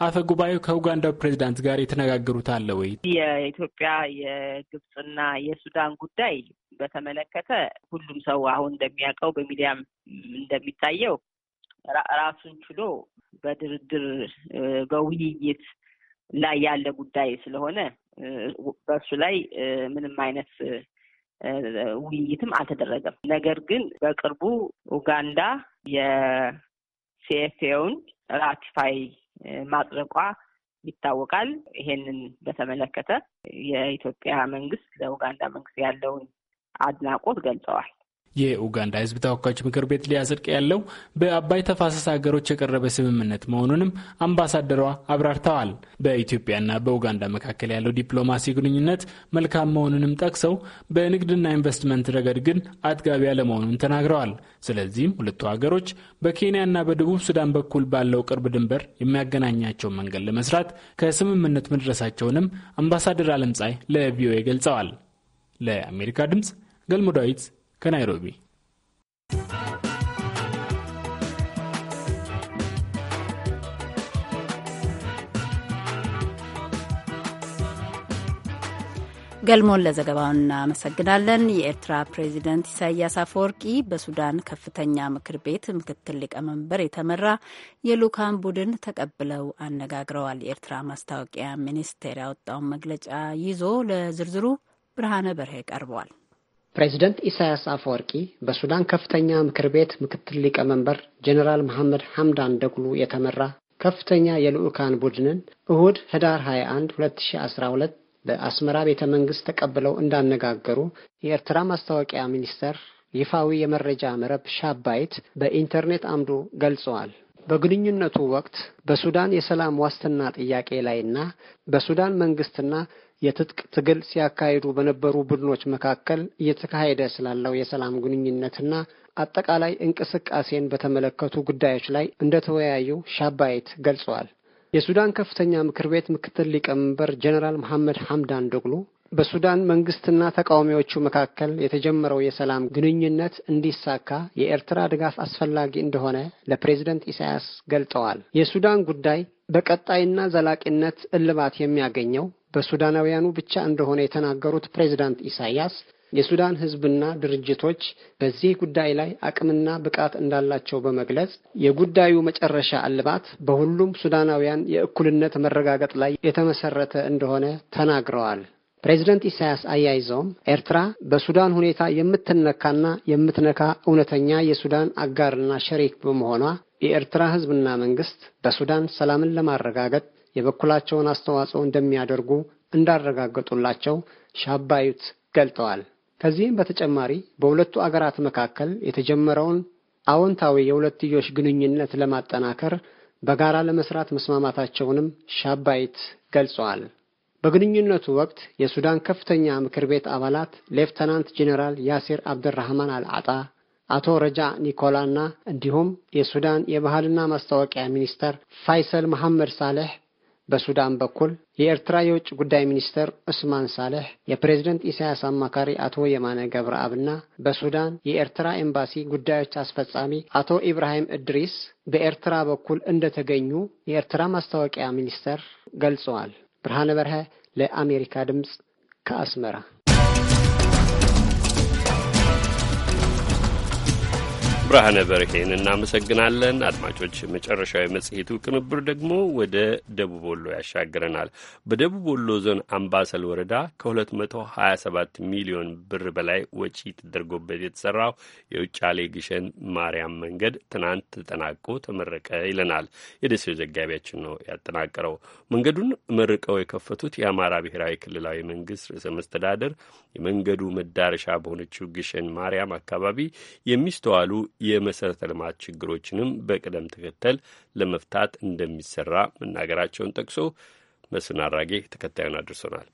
አፈ ጉባኤው ከኡጋንዳው ፕሬዚዳንት ጋር የተነጋገሩት አለ ወይ? የኢትዮጵያ የግብጽና የሱዳን ጉዳይ በተመለከተ ሁሉም ሰው አሁን እንደሚያውቀው በሚዲያም እንደሚታየው ራሱን ችሎ በድርድር በውይይት ላይ ያለ ጉዳይ ስለሆነ በእሱ ላይ ምንም አይነት ውይይትም አልተደረገም። ነገር ግን በቅርቡ ኡጋንዳ የሲኤፍኤውን ራቲፋይ ማጽደቋ ይታወቃል። ይሄንን በተመለከተ የኢትዮጵያ መንግስት ለኡጋንዳ መንግስት ያለውን አድናቆት ገልጸዋል። የኡጋንዳ ሕዝብ ተወካዮች ምክር ቤት ሊያጸድቅ ያለው በአባይ ተፋሰስ ሀገሮች የቀረበ ስምምነት መሆኑንም አምባሳደሯ አብራርተዋል። በኢትዮጵያና በኡጋንዳ መካከል ያለው ዲፕሎማሲ ግንኙነት መልካም መሆኑንም ጠቅሰው በንግድና ኢንቨስትመንት ረገድ ግን አጥጋቢ ያለመሆኑን ተናግረዋል። ስለዚህም ሁለቱ ሀገሮች በኬንያና በደቡብ ሱዳን በኩል ባለው ቅርብ ድንበር የሚያገናኛቸውን መንገድ ለመስራት ከስምምነት መድረሳቸውንም አምባሳደር አለምጻይ ለቪኦኤ ገልጸዋል። ለአሜሪካ ድምፅ ገልሞ ዳዊት ከናይሮቢ ገልሞን ለዘገባው እናመሰግናለን። የኤርትራ ፕሬዚደንት ኢሳያስ አፈወርቂ በሱዳን ከፍተኛ ምክር ቤት ምክትል ሊቀመንበር የተመራ የልኡካን ቡድን ተቀብለው አነጋግረዋል። የኤርትራ ማስታወቂያ ሚኒስቴር ያወጣውን መግለጫ ይዞ ለዝርዝሩ ብርሃነ በርሄ ቀርበዋል። ፕሬዝደንት ኢሳያስ አፈወርቂ በሱዳን ከፍተኛ ምክር ቤት ምክትል ሊቀመንበር ጀኔራል መሐመድ ሐምዳን ደጉሉ የተመራ ከፍተኛ የልዑካን ቡድንን እሁድ ህዳር 21 2012 በአስመራ ቤተ መንግስት ተቀብለው እንዳነጋገሩ የኤርትራ ማስታወቂያ ሚኒስቴር ይፋዊ የመረጃ መረብ ሻባይት በኢንተርኔት አምዶ ገልጸዋል። በግንኙነቱ ወቅት በሱዳን የሰላም ዋስትና ጥያቄ ላይና በሱዳን መንግስትና የትጥቅ ትግል ሲያካሂዱ በነበሩ ቡድኖች መካከል እየተካሄደ ስላለው የሰላም ግንኙነትና አጠቃላይ እንቅስቃሴን በተመለከቱ ጉዳዮች ላይ እንደተወያዩ ሻባይት ገልጸዋል። የሱዳን ከፍተኛ ምክር ቤት ምክትል ሊቀመንበር ጀኔራል መሐመድ ሐምዳን ደግሎ፣ በሱዳን መንግስትና ተቃዋሚዎቹ መካከል የተጀመረው የሰላም ግንኙነት እንዲሳካ የኤርትራ ድጋፍ አስፈላጊ እንደሆነ ለፕሬዝደንት ኢሳያስ ገልጠዋል። የሱዳን ጉዳይ በቀጣይና ዘላቂነት እልባት የሚያገኘው በሱዳናውያኑ ብቻ እንደሆነ የተናገሩት ፕሬዚዳንት ኢሳያስ የሱዳን ሕዝብና ድርጅቶች በዚህ ጉዳይ ላይ አቅምና ብቃት እንዳላቸው በመግለጽ የጉዳዩ መጨረሻ እልባት በሁሉም ሱዳናውያን የእኩልነት መረጋገጥ ላይ የተመሰረተ እንደሆነ ተናግረዋል። ፕሬዚደንት ኢሳያስ አያይዘውም ኤርትራ በሱዳን ሁኔታ የምትነካና የምትነካ እውነተኛ የሱዳን አጋርና ሸሪክ በመሆኗ የኤርትራ ሕዝብና መንግስት በሱዳን ሰላምን ለማረጋገጥ የበኩላቸውን አስተዋጽኦ እንደሚያደርጉ እንዳረጋገጡላቸው ሻባዩት ገልጠዋል። ከዚህም በተጨማሪ በሁለቱ አገራት መካከል የተጀመረውን አዎንታዊ የሁለትዮሽ ግንኙነት ለማጠናከር በጋራ ለመስራት መስማማታቸውንም ሻባይት ገልጸዋል። በግንኙነቱ ወቅት የሱዳን ከፍተኛ ምክር ቤት አባላት ሌፍተናንት ጄኔራል ያሲር አብድራህማን አልዓጣ፣ አቶ ረጃ ኒኮላና እንዲሁም የሱዳን የባህልና ማስታወቂያ ሚኒስተር ፋይሰል መሐመድ ሳሌሕ በሱዳን በኩል የኤርትራ የውጭ ጉዳይ ሚኒስትር ዑስማን ሳልሕ የፕሬዝደንት ኢሳያስ አማካሪ አቶ የማነ ገብረአብና በሱዳን የኤርትራ ኤምባሲ ጉዳዮች አስፈጻሚ አቶ ኢብራሂም እድሪስ በኤርትራ በኩል እንደተገኙ የኤርትራ ማስታወቂያ ሚኒስተር ገልጸዋል። ብርሃነ በርሀ ለአሜሪካ ድምፅ ከአስመራ ብርሃነ በርሄን እናመሰግናለን። አድማጮች፣ መጨረሻዊ መጽሄቱ ቅንብር ደግሞ ወደ ደቡብ ወሎ ያሻግረናል። በደቡብ ወሎ ዞን አምባሰል ወረዳ ከ227 ሚሊዮን ብር በላይ ወጪ ተደርጎበት የተሰራው የውጫሌ ግሸን ማርያም መንገድ ትናንት ተጠናቆ ተመረቀ ይለናል የደሴው ዘጋቢያችን ነው ያጠናቀረው። መንገዱን መርቀው የከፈቱት የአማራ ብሔራዊ ክልላዊ መንግስት ርዕሰ መስተዳደር የመንገዱ መዳረሻ በሆነችው ግሸን ማርያም አካባቢ የሚስተዋሉ የመሠረተ ልማት ችግሮችንም በቅደም ተከተል ለመፍታት እንደሚሰራ መናገራቸውን ጠቅሶ መስፍን አራጌ ተከታዩን አድርሶናል።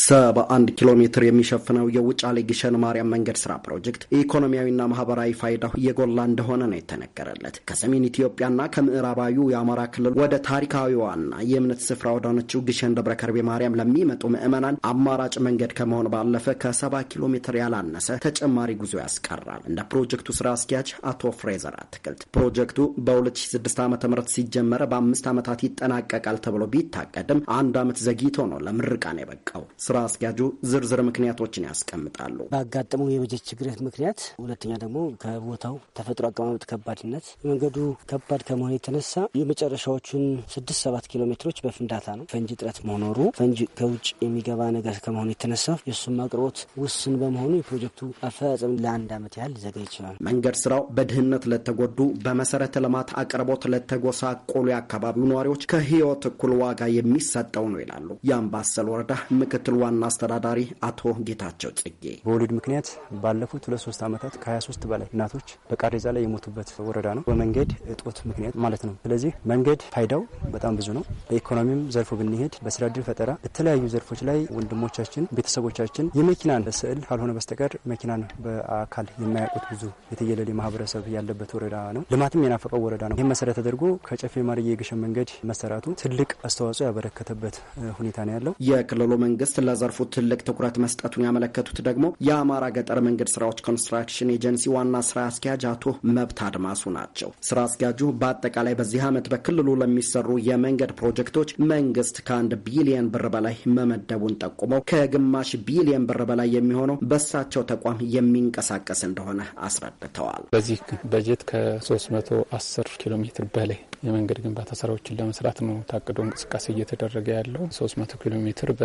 71 ኪሎ ሜትር የሚሸፍነው የውጫሌ ግሸን ማርያም መንገድ ስራ ፕሮጀክት ኢኮኖሚያዊና ማህበራዊ ፋይዳው የጎላ እንደሆነ ነው የተነገረለት። ከሰሜን ኢትዮጵያና ከምዕራባዊ የአማራ ክልል ወደ ታሪካዊዋና የእምነት ስፍራ ወዳነችው ግሸን ደብረ ከርቤ ማርያም ለሚመጡ ምዕመናን አማራጭ መንገድ ከመሆን ባለፈ ከሰባ ኪሎ ሜትር ያላነሰ ተጨማሪ ጉዞ ያስቀራል። እንደ ፕሮጀክቱ ስራ አስኪያጅ አቶ ፍሬዘር አትክልት ፕሮጀክቱ በ2006 ዓ ም ሲጀመረ በአምስት ዓመታት ይጠናቀቃል ተብሎ ቢታቀድም አንድ ዓመት ዘግይቶ ነው ለምርቃን የበቃው። ስራ አስኪያጁ ዝርዝር ምክንያቶችን ያስቀምጣሉ። ባጋጠመው የበጀት ችግር ምክንያት፣ ሁለተኛ ደግሞ ከቦታው ተፈጥሮ አቀማመጥ ከባድነት፣ መንገዱ ከባድ ከመሆኑ የተነሳ የመጨረሻዎቹን ስድስት ሰባት ኪሎ ሜትሮች በፍንዳታ ነው። ፈንጂ እጥረት መኖሩ ፈንጂ ከውጭ የሚገባ ነገር ከመሆኑ የተነሳ የእሱም አቅርቦት ውስን በመሆኑ የፕሮጀክቱ አፈጻጸም ለአንድ ዓመት ያህል ሊዘጋ ይችላል። መንገድ ስራው በድህነት ለተጎዱ በመሰረተ ልማት አቅርቦት ለተጎሳቆሉ የአካባቢው ነዋሪዎች ከህይወት እኩል ዋጋ የሚሰጠው ነው ይላሉ የአምባሰል ወረዳ ምክትል ምክትል ዋና አስተዳዳሪ አቶ ጌታቸው ጽጌ በወሊድ ምክንያት ባለፉት ሁለት ሶስት ዓመታት ከ23 በላይ እናቶች በቃሬዛ ላይ የሞቱበት ወረዳ ነው። በመንገድ እጦት ምክንያት ማለት ነው። ስለዚህ መንገድ ፋይዳው በጣም ብዙ ነው። በኢኮኖሚም ዘርፉ ብንሄድ በስራ እድል ፈጠራ፣ በተለያዩ ዘርፎች ላይ ወንድሞቻችን፣ ቤተሰቦቻችን የመኪናን ስዕል ካልሆነ በስተቀር መኪናን በአካል የማያውቁት ብዙ የተየለሌ ማህበረሰብ ያለበት ወረዳ ነው። ልማትም የናፈቀው ወረዳ ነው። ይህ መሰረት ተደርጎ ከጨፌ ማርየ የግሸን መንገድ መሰራቱ ትልቅ አስተዋጽኦ ያበረከተበት ሁኔታ ነው ያለው። የክልሉ መንግስት መንግስት ለዘርፉ ትልቅ ትኩረት መስጠቱን ያመለከቱት ደግሞ የአማራ ገጠር መንገድ ስራዎች ኮንስትራክሽን ኤጀንሲ ዋና ስራ አስኪያጅ አቶ መብት አድማሱ ናቸው። ስራ አስኪያጁ በአጠቃላይ በዚህ ዓመት በክልሉ ለሚሰሩ የመንገድ ፕሮጀክቶች መንግስት ከአንድ ቢሊየን ብር በላይ መመደቡን ጠቁመው ከግማሽ ቢሊየን ብር በላይ የሚሆነው በሳቸው ተቋም የሚንቀሳቀስ እንደሆነ አስረድተዋል። በዚህ በጀት ከ310 ኪሎ ሜትር በላይ የመንገድ ግንባታ ስራዎችን ለመስራት ነው ታቅዶ እንቅስቃሴ እየተደረገ ያለው። 300 ኪሎ ሜትር በ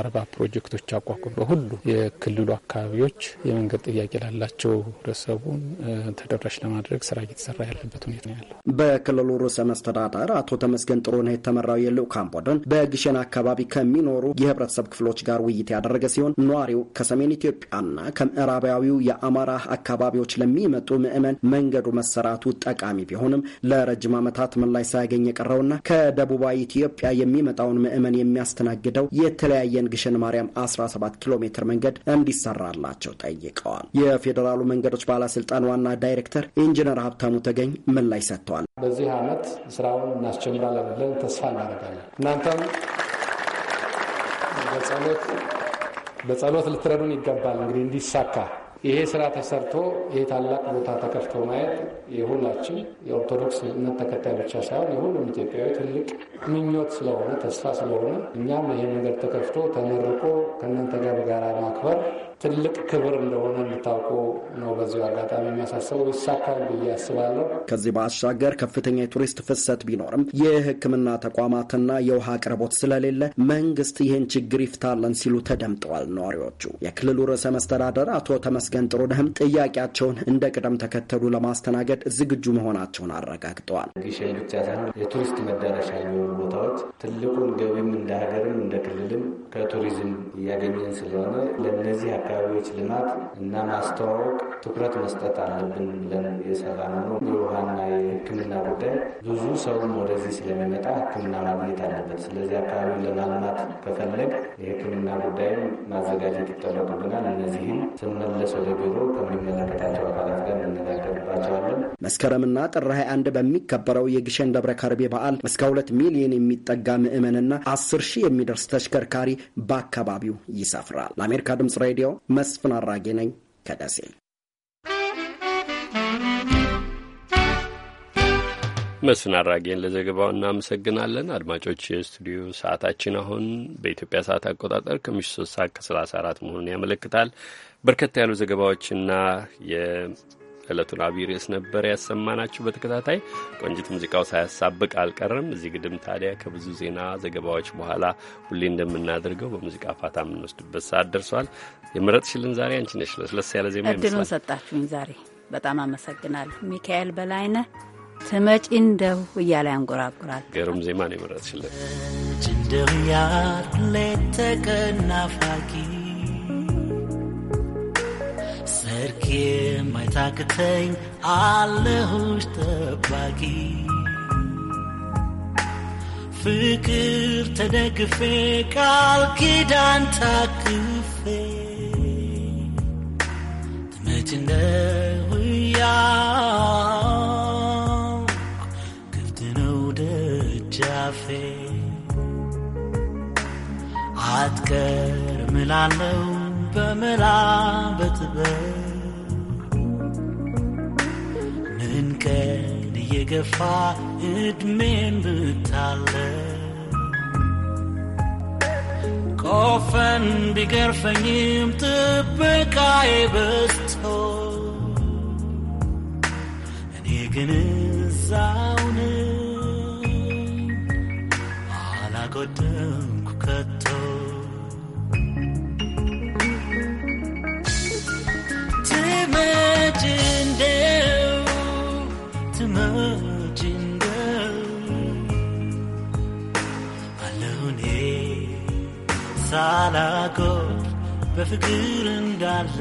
አርባ ፕሮጀክቶች አቋቁም በሁሉ የክልሉ አካባቢዎች የመንገድ ጥያቄ ላላቸው ህብረተሰቡን ተደራሽ ለማድረግ ስራ እየተሰራ ያለበት ሁኔታ ነው ያለው። በክልሉ ርዕሰ መስተዳደር አቶ ተመስገን ጥሩነህ የተመራው የልዑካን ቡድን በግሸን አካባቢ ከሚኖሩ የህብረተሰብ ክፍሎች ጋር ውይይት ያደረገ ሲሆን ነዋሪው ከሰሜን ኢትዮጵያና ከምዕራባዊው የአማራ አካባቢዎች ለሚመጡ ምዕመን መንገዱ መሰራቱ ጠቃሚ ቢሆንም ለረጅም ዓመታት ምላሽ ሳያገኝ የቀረውና ከደቡባዊ ኢትዮጵያ የሚመጣውን ምዕመን የሚያስተናግደው የተለያየ ግን ግሸን ማርያም 17 ኪሎ ሜትር መንገድ እንዲሰራላቸው ጠይቀዋል። የፌዴራሉ መንገዶች ባለስልጣን ዋና ዳይሬክተር ኢንጂነር ሀብታሙ ተገኝ ምላሽ ሰጥተዋል። በዚህ ዓመት ስራውን እናስጀምራለን ብለን ተስፋ እናደርጋለን። እናንተም በጸሎት ልትረዱን ይገባል እንግዲህ እንዲሳካ ይሄ ስራ ተሰርቶ ይሄ ታላቅ ቦታ ተከፍቶ ማየት የሁላችን የኦርቶዶክስ እምነት ተከታይ ብቻ ሳይሆን የሁሉም ኢትዮጵያዊ ትልቅ ምኞት ስለሆነ ተስፋ ስለሆነ እኛም ይሄ ነገር ተከፍቶ ተመርቆ ከእናንተ ጋር በጋራ ማክበር ትልቅ ክብር እንደሆነ እንድታውቁ ነው በዚሁ አጋጣሚ የሚያሳሰቡ ይሳካል ብዬ አስባለሁ። ከዚህ ባሻገር ከፍተኛ የቱሪስት ፍሰት ቢኖርም የሕክምና ተቋማትና የውሃ አቅርቦት ስለሌለ መንግስት ይህን ችግር ይፍታለን ሲሉ ተደምጠዋል ነዋሪዎቹ። የክልሉ ርዕሰ መስተዳደር አቶ ተመስገን ጥሩነህም ጥያቄያቸውን እንደ ቅደም ተከተሉ ለማስተናገድ ዝግጁ መሆናቸውን አረጋግጠዋል። ጊሸን ብቻ ሳይሆን የቱሪስት መዳረሻ የሚሆኑ ቦታዎች ትልቁን ገቢም እንደ ሀገርም እንደ ክልልም ከቱሪዝም እያገኘን ስለሆነ ለእነዚህ አካባቢዎች ልማት እና ማስተዋወቅ ትኩረት መስጠት አለብን ብለን የሰራ ነው። የውሃና የሕክምና ጉዳይ ብዙ ሰውም ወደዚህ ስለሚመጣ ሕክምና ማግኘት አለበት። ስለዚህ አካባቢ ለማልማት ከፈለግ የሕክምና ጉዳይ ማዘጋጀት ይጠበቅብናል። እነዚህም ስመለስ ወደ ቢሮ ከሚመለከታቸው አካላት ጋር እንነጋገርባቸዋለን። መስከረምና ጥር 21 በሚከበረው የግሸን ደብረ ከርቤ በዓል እስከ ሁለት ሚሊዮን የሚጠጋ ምዕመንና አስር ሺህ የሚደርስ ተሽከርካሪ በአካባቢው ይሰፍራል። ለአሜሪካ ድምጽ ሬዲዮ መስፍን አራጌ ነኝ ከደሴ። መስፍን አራጌን ለዘገባው እናመሰግናለን። አድማጮች የስቱዲዮ ሰዓታችን አሁን በኢትዮጵያ ሰዓት አቆጣጠር ከምሽቱ ሶስት ሰዓት ከሰላሳ አራት መሆኑን ያመለክታል። በርከታ ያሉ ዘገባዎችና ዕለቱን አብይ ርዕስ ነበር ያሰማናችሁ በተከታታይ ቆንጅት ሙዚቃው ሳያሳብቅ አልቀረም። እዚህ ግድም ታዲያ ከብዙ ዜና ዘገባዎች በኋላ ሁሌ እንደምናደርገው በሙዚቃ ፋታ የምንወስድበት ሰዓት ደርሷል። የመረጥሽልን ዛሬ አንቺ ነሽ። ለስለስ ያለ ዜማ እድሉን ሰጣችሁኝ ዛሬ በጣም አመሰግናለሁ። ሚካኤል በላይነ ትመጪ እንደው እያለ ያንጎራጉራል። ገሩም ዜማ ነው የመረጥሽልን እንደው ያር ሁሌ እርኬ ማይታክተኝ አለሁሽ ጠባቂ ፍቅር ተደግፌ ቃል ኪዳን ታክፌ ትመጪ እንደሁያ ክፍት ነው ደጃፌ አትቀር እምላለሁ በትበት ቀን እየገፋ እድሜን ብታለ ቆፈን ቢገርፈኝም ጥበቃዬ በዝቶ እኔ ግን እዛውን አላጎደምኩ ከቶ ትመጭ እንደ በፍቅር እንዳለ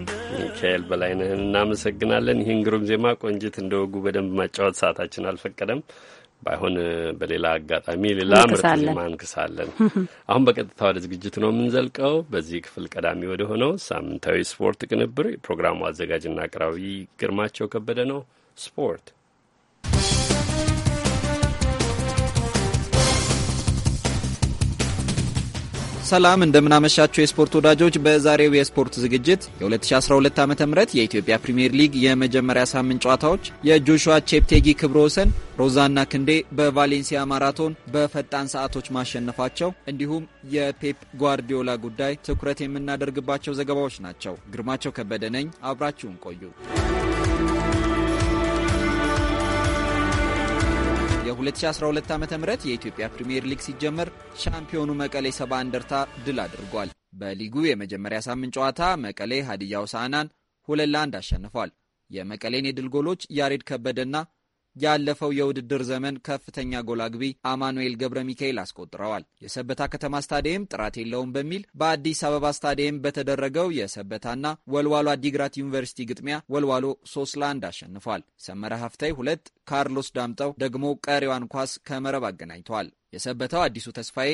ሚካኤል በላይነህን እናመሰግናለን። ይህን ግሩም ዜማ ቆንጅት እንደ ወጉ በደንብ ማጫወት ሰዓታችን አልፈቀደም። ባይሆን በሌላ አጋጣሚ ሌላ ምርት ማንክሳለን። አሁን በቀጥታ ወደ ዝግጅት ነው የምንዘልቀው። በዚህ ክፍል ቀዳሚ ወደ ሆነው ሳምንታዊ ስፖርት ቅንብር የፕሮግራሙ አዘጋጅና አቅራቢ ግርማቸው ከበደ ነው። ስፖርት ሰላም እንደምናመሻቸው የስፖርት ወዳጆች፣ በዛሬው የስፖርት ዝግጅት የ2012 ዓ ም የኢትዮጵያ ፕሪምየር ሊግ የመጀመሪያ ሳምንት ጨዋታዎች፣ የጆሹዋ ቼፕቴጊ ክብረ ወሰን፣ ሮዛና ክንዴ በቫሌንሲያ ማራቶን በፈጣን ሰዓቶች ማሸነፋቸው እንዲሁም የፔፕ ጓርዲዮላ ጉዳይ ትኩረት የምናደርግባቸው ዘገባዎች ናቸው። ግርማቸው ከበደ ነኝ። አብራችሁን ቆዩ። 2012 ዓ ም የኢትዮጵያ ፕሪምየር ሊግ ሲጀመር ሻምፒዮኑ መቀሌ ሰባ እንደርታ ድል አድርጓል። በሊጉ የመጀመሪያ ሳምንት ጨዋታ መቀሌ ሀዲያ ሆሳዕናን ሁለት ለአንድ አሸንፏል። የመቀሌን የድል ጎሎች ያሬድ ከበደና ያለፈው የውድድር ዘመን ከፍተኛ ጎል አግቢ አማኑኤል ገብረ ሚካኤል አስቆጥረዋል። የሰበታ ከተማ ስታዲየም ጥራት የለውም በሚል በአዲስ አበባ ስታዲየም በተደረገው የሰበታና ወልዋሎ አዲግራት ዩኒቨርሲቲ ግጥሚያ ወልዋሎ ሶስት ለአንድ አሸንፏል። ሰመረ ሀፍታይ ሁለት፣ ካርሎስ ዳምጠው ደግሞ ቀሪዋን ኳስ ከመረብ አገናኝተዋል። የሰበታው አዲሱ ተስፋዬ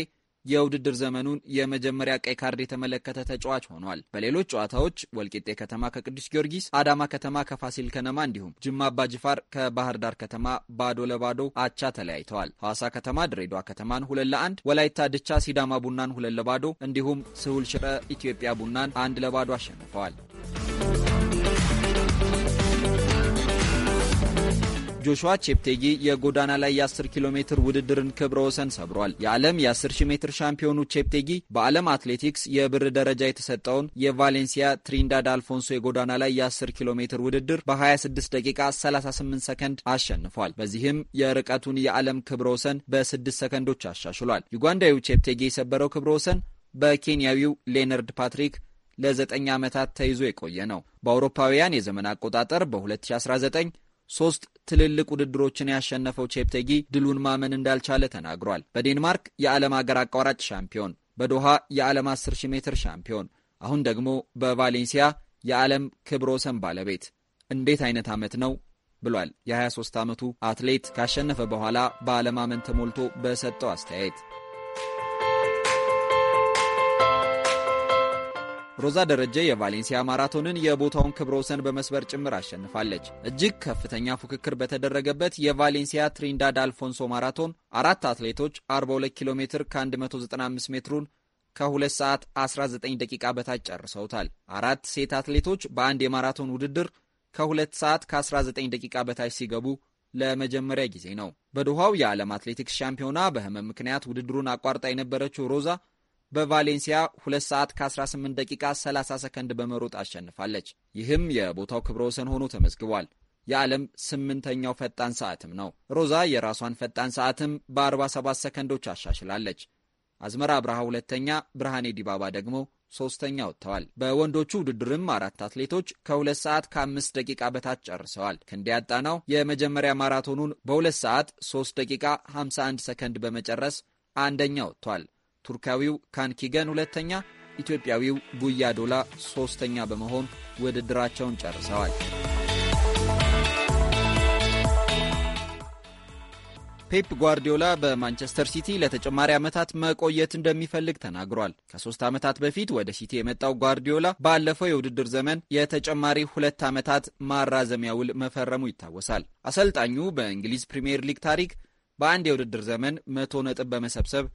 የውድድር ዘመኑን የመጀመሪያ ቀይ ካርድ የተመለከተ ተጫዋች ሆኗል። በሌሎች ጨዋታዎች ወልቂጤ ከተማ ከቅዱስ ጊዮርጊስ፣ አዳማ ከተማ ከፋሲል ከነማ እንዲሁም ጅማ አባጅፋር ከባህር ዳር ከተማ ባዶ ለባዶ አቻ ተለያይተዋል። ሐዋሳ ከተማ ድሬዷ ከተማን ሁለት ለአንድ፣ ወላይታ ድቻ ሲዳማ ቡናን ሁለት ለባዶ እንዲሁም ስሁል ሽረ ኢትዮጵያ ቡናን አንድ ለባዶ አሸንፈዋል። ጆሹዋ ቼፕቴጊ የጎዳና ላይ የ10 ኪሎ ሜትር ውድድርን ክብረ ወሰን ሰብሯል። የዓለም የ10 ሺ ሜትር ሻምፒዮኑ ቼፕቴጊ በዓለም አትሌቲክስ የብር ደረጃ የተሰጠውን የቫሌንሲያ ትሪንዳድ አልፎንሶ የጎዳና ላይ የ10 ኪሎ ሜትር ውድድር በ26 ደቂቃ 38 ሰከንድ አሸንፏል። በዚህም የርቀቱን የዓለም ክብረ ወሰን በ6 ሰከንዶች አሻሽሏል። ዩጋንዳዊው ቼፕቴጊ የሰበረው ክብረ ወሰን በኬንያዊው ሌነርድ ፓትሪክ ለዘጠኝ ዓመታት ተይዞ የቆየ ነው። በአውሮፓውያን የዘመን አቆጣጠር በ2019 ሶስት ትልልቅ ውድድሮችን ያሸነፈው ቼፕቴጊ ድሉን ማመን እንዳልቻለ ተናግሯል። በዴንማርክ የዓለም አገር አቋራጭ ሻምፒዮን፣ በዶሃ የዓለም 10 ሺህ ሜትር ሻምፒዮን፣ አሁን ደግሞ በቫሌንሲያ የዓለም ክብረ ወሰን ባለቤት። እንዴት አይነት ዓመት ነው ብሏል። የ23 ዓመቱ አትሌት ካሸነፈ በኋላ በአለማመን ተሞልቶ በሰጠው አስተያየት ሮዛ ደረጀ የቫሌንሲያ ማራቶንን የቦታውን ክብረ ወሰን በመስበር ጭምር አሸንፋለች። እጅግ ከፍተኛ ፉክክር በተደረገበት የቫሌንሲያ ትሪንዳድ አልፎንሶ ማራቶን አራት አትሌቶች 42 ኪሎ ሜትር ከ195 ሜትሩን ከ2 ሰዓት 19 ደቂቃ በታች ጨርሰውታል። አራት ሴት አትሌቶች በአንድ የማራቶን ውድድር ከ2 ሰዓት ከ19 ደቂቃ በታች ሲገቡ ለመጀመሪያ ጊዜ ነው። በዶሃው የዓለም አትሌቲክስ ሻምፒዮና በህመም ምክንያት ውድድሩን አቋርጣ የነበረችው ሮዛ በቫሌንሲያ 2 ሰዓት ከ18 ደቂቃ 30 ሰከንድ በመሮጥ አሸንፋለች። ይህም የቦታው ክብረ ወሰን ሆኖ ተመዝግቧል። የዓለም ስምንተኛው ፈጣን ሰዓትም ነው። ሮዛ የራሷን ፈጣን ሰዓትም በ47 ሰከንዶች አሻሽላለች። አዝመራ አብርሃ ሁለተኛ፣ ብርሃኔ ዲባባ ደግሞ ሶስተኛ ወጥተዋል። በወንዶቹ ውድድርም አራት አትሌቶች ከሁለት ሰዓት ከአምስት ደቂቃ በታች ጨርሰዋል። ክንዴ ያጣናው የመጀመሪያ ማራቶኑን በሁለት ሰዓት ሶስት ደቂቃ 51 ሰከንድ በመጨረስ አንደኛ ወጥቷል። ቱርካዊው ካንኪገን ሁለተኛ፣ ኢትዮጵያዊው ጉያዶላ ሦስተኛ በመሆን ውድድራቸውን ጨርሰዋል። ፔፕ ጓርዲዮላ በማንቸስተር ሲቲ ለተጨማሪ ዓመታት መቆየት እንደሚፈልግ ተናግሯል። ከሶስት ዓመታት በፊት ወደ ሲቲ የመጣው ጓርዲዮላ ባለፈው የውድድር ዘመን የተጨማሪ ሁለት ዓመታት ማራዘሚያ ውል መፈረሙ ይታወሳል። አሰልጣኙ በእንግሊዝ ፕሪምየር ሊግ ታሪክ በአንድ የውድድር ዘመን መቶ ነጥብ በመሰብሰብ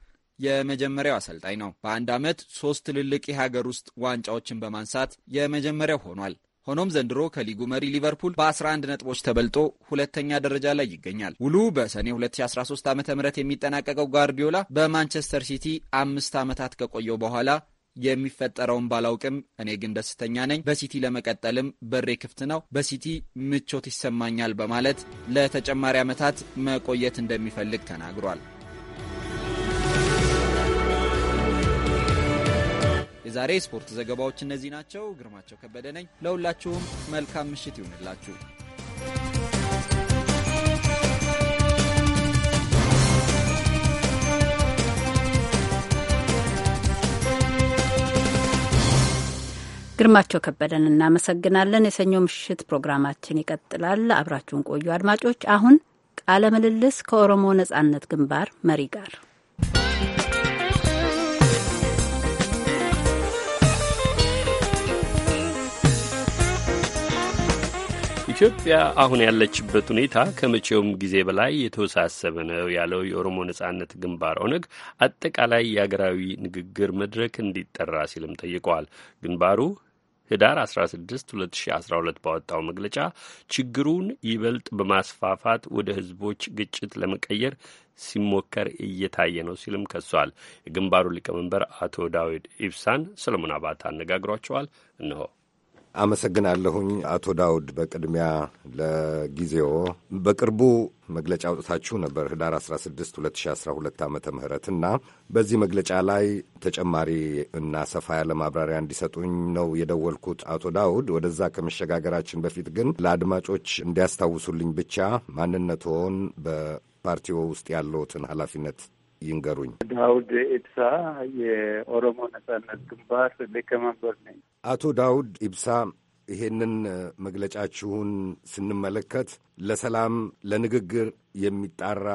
የመጀመሪያው አሰልጣኝ ነው። በአንድ ዓመት ሶስት ትልልቅ የሀገር ውስጥ ዋንጫዎችን በማንሳት የመጀመሪያው ሆኗል። ሆኖም ዘንድሮ ከሊጉ መሪ ሊቨርፑል በ11 ነጥቦች ተበልጦ ሁለተኛ ደረጃ ላይ ይገኛል። ውሉ በሰኔ 2013 ዓ ም የሚጠናቀቀው ጓርዲዮላ በማንቸስተር ሲቲ አምስት ዓመታት ከቆየው በኋላ የሚፈጠረውን ባላውቅም እኔ ግን ደስተኛ ነኝ፣ በሲቲ ለመቀጠልም በሬ ክፍት ነው፣ በሲቲ ምቾት ይሰማኛል በማለት ለተጨማሪ ዓመታት መቆየት እንደሚፈልግ ተናግሯል። የዛሬ ስፖርት ዘገባዎች እነዚህ ናቸው። ግርማቸው ከበደ ነኝ። ለሁላችሁም መልካም ምሽት ይሁንላችሁ። ግርማቸው ከበደን እናመሰግናለን። የሰኞ ምሽት ፕሮግራማችን ይቀጥላል። አብራችሁን ቆዩ አድማጮች። አሁን ቃለ ምልልስ ከኦሮሞ ነጻነት ግንባር መሪ ጋር ኢትዮጵያ አሁን ያለችበት ሁኔታ ከመቼውም ጊዜ በላይ የተወሳሰበ ነው ያለው የኦሮሞ ነጻነት ግንባር ኦነግ አጠቃላይ የአገራዊ ንግግር መድረክ እንዲጠራ ሲልም ጠይቋል። ግንባሩ ህዳር 16 2012 ባወጣው መግለጫ ችግሩን ይበልጥ በማስፋፋት ወደ ህዝቦች ግጭት ለመቀየር ሲሞከር እየታየ ነው ሲልም ከሷል። የግንባሩ ሊቀመንበር አቶ ዳዊድ ኢብሳን ሰለሞን አባት አነጋግሯቸዋል። እንሆ አመሰግናለሁኝ አቶ ዳውድ በቅድሚያ ለጊዜዎ። በቅርቡ መግለጫ አውጥታችሁ ነበር ህዳር 16 2012 ዓ ምህረት እና በዚህ መግለጫ ላይ ተጨማሪ እና ሰፋ ያለ ማብራሪያ እንዲሰጡኝ ነው የደወልኩት አቶ ዳውድ። ወደዛ ከመሸጋገራችን በፊት ግን ለአድማጮች እንዲያስታውሱልኝ ብቻ ማንነትዎን በፓርቲዎ ውስጥ ያለዎትን ኃላፊነት ይንገሩኝ። ዳውድ ኢብሳ የኦሮሞ ነጻነት ግንባር ሊቀመንበር ነኝ። አቶ ዳውድ ኢብሳ ይሄንን መግለጫችሁን ስንመለከት ለሰላም ለንግግር የሚጣራ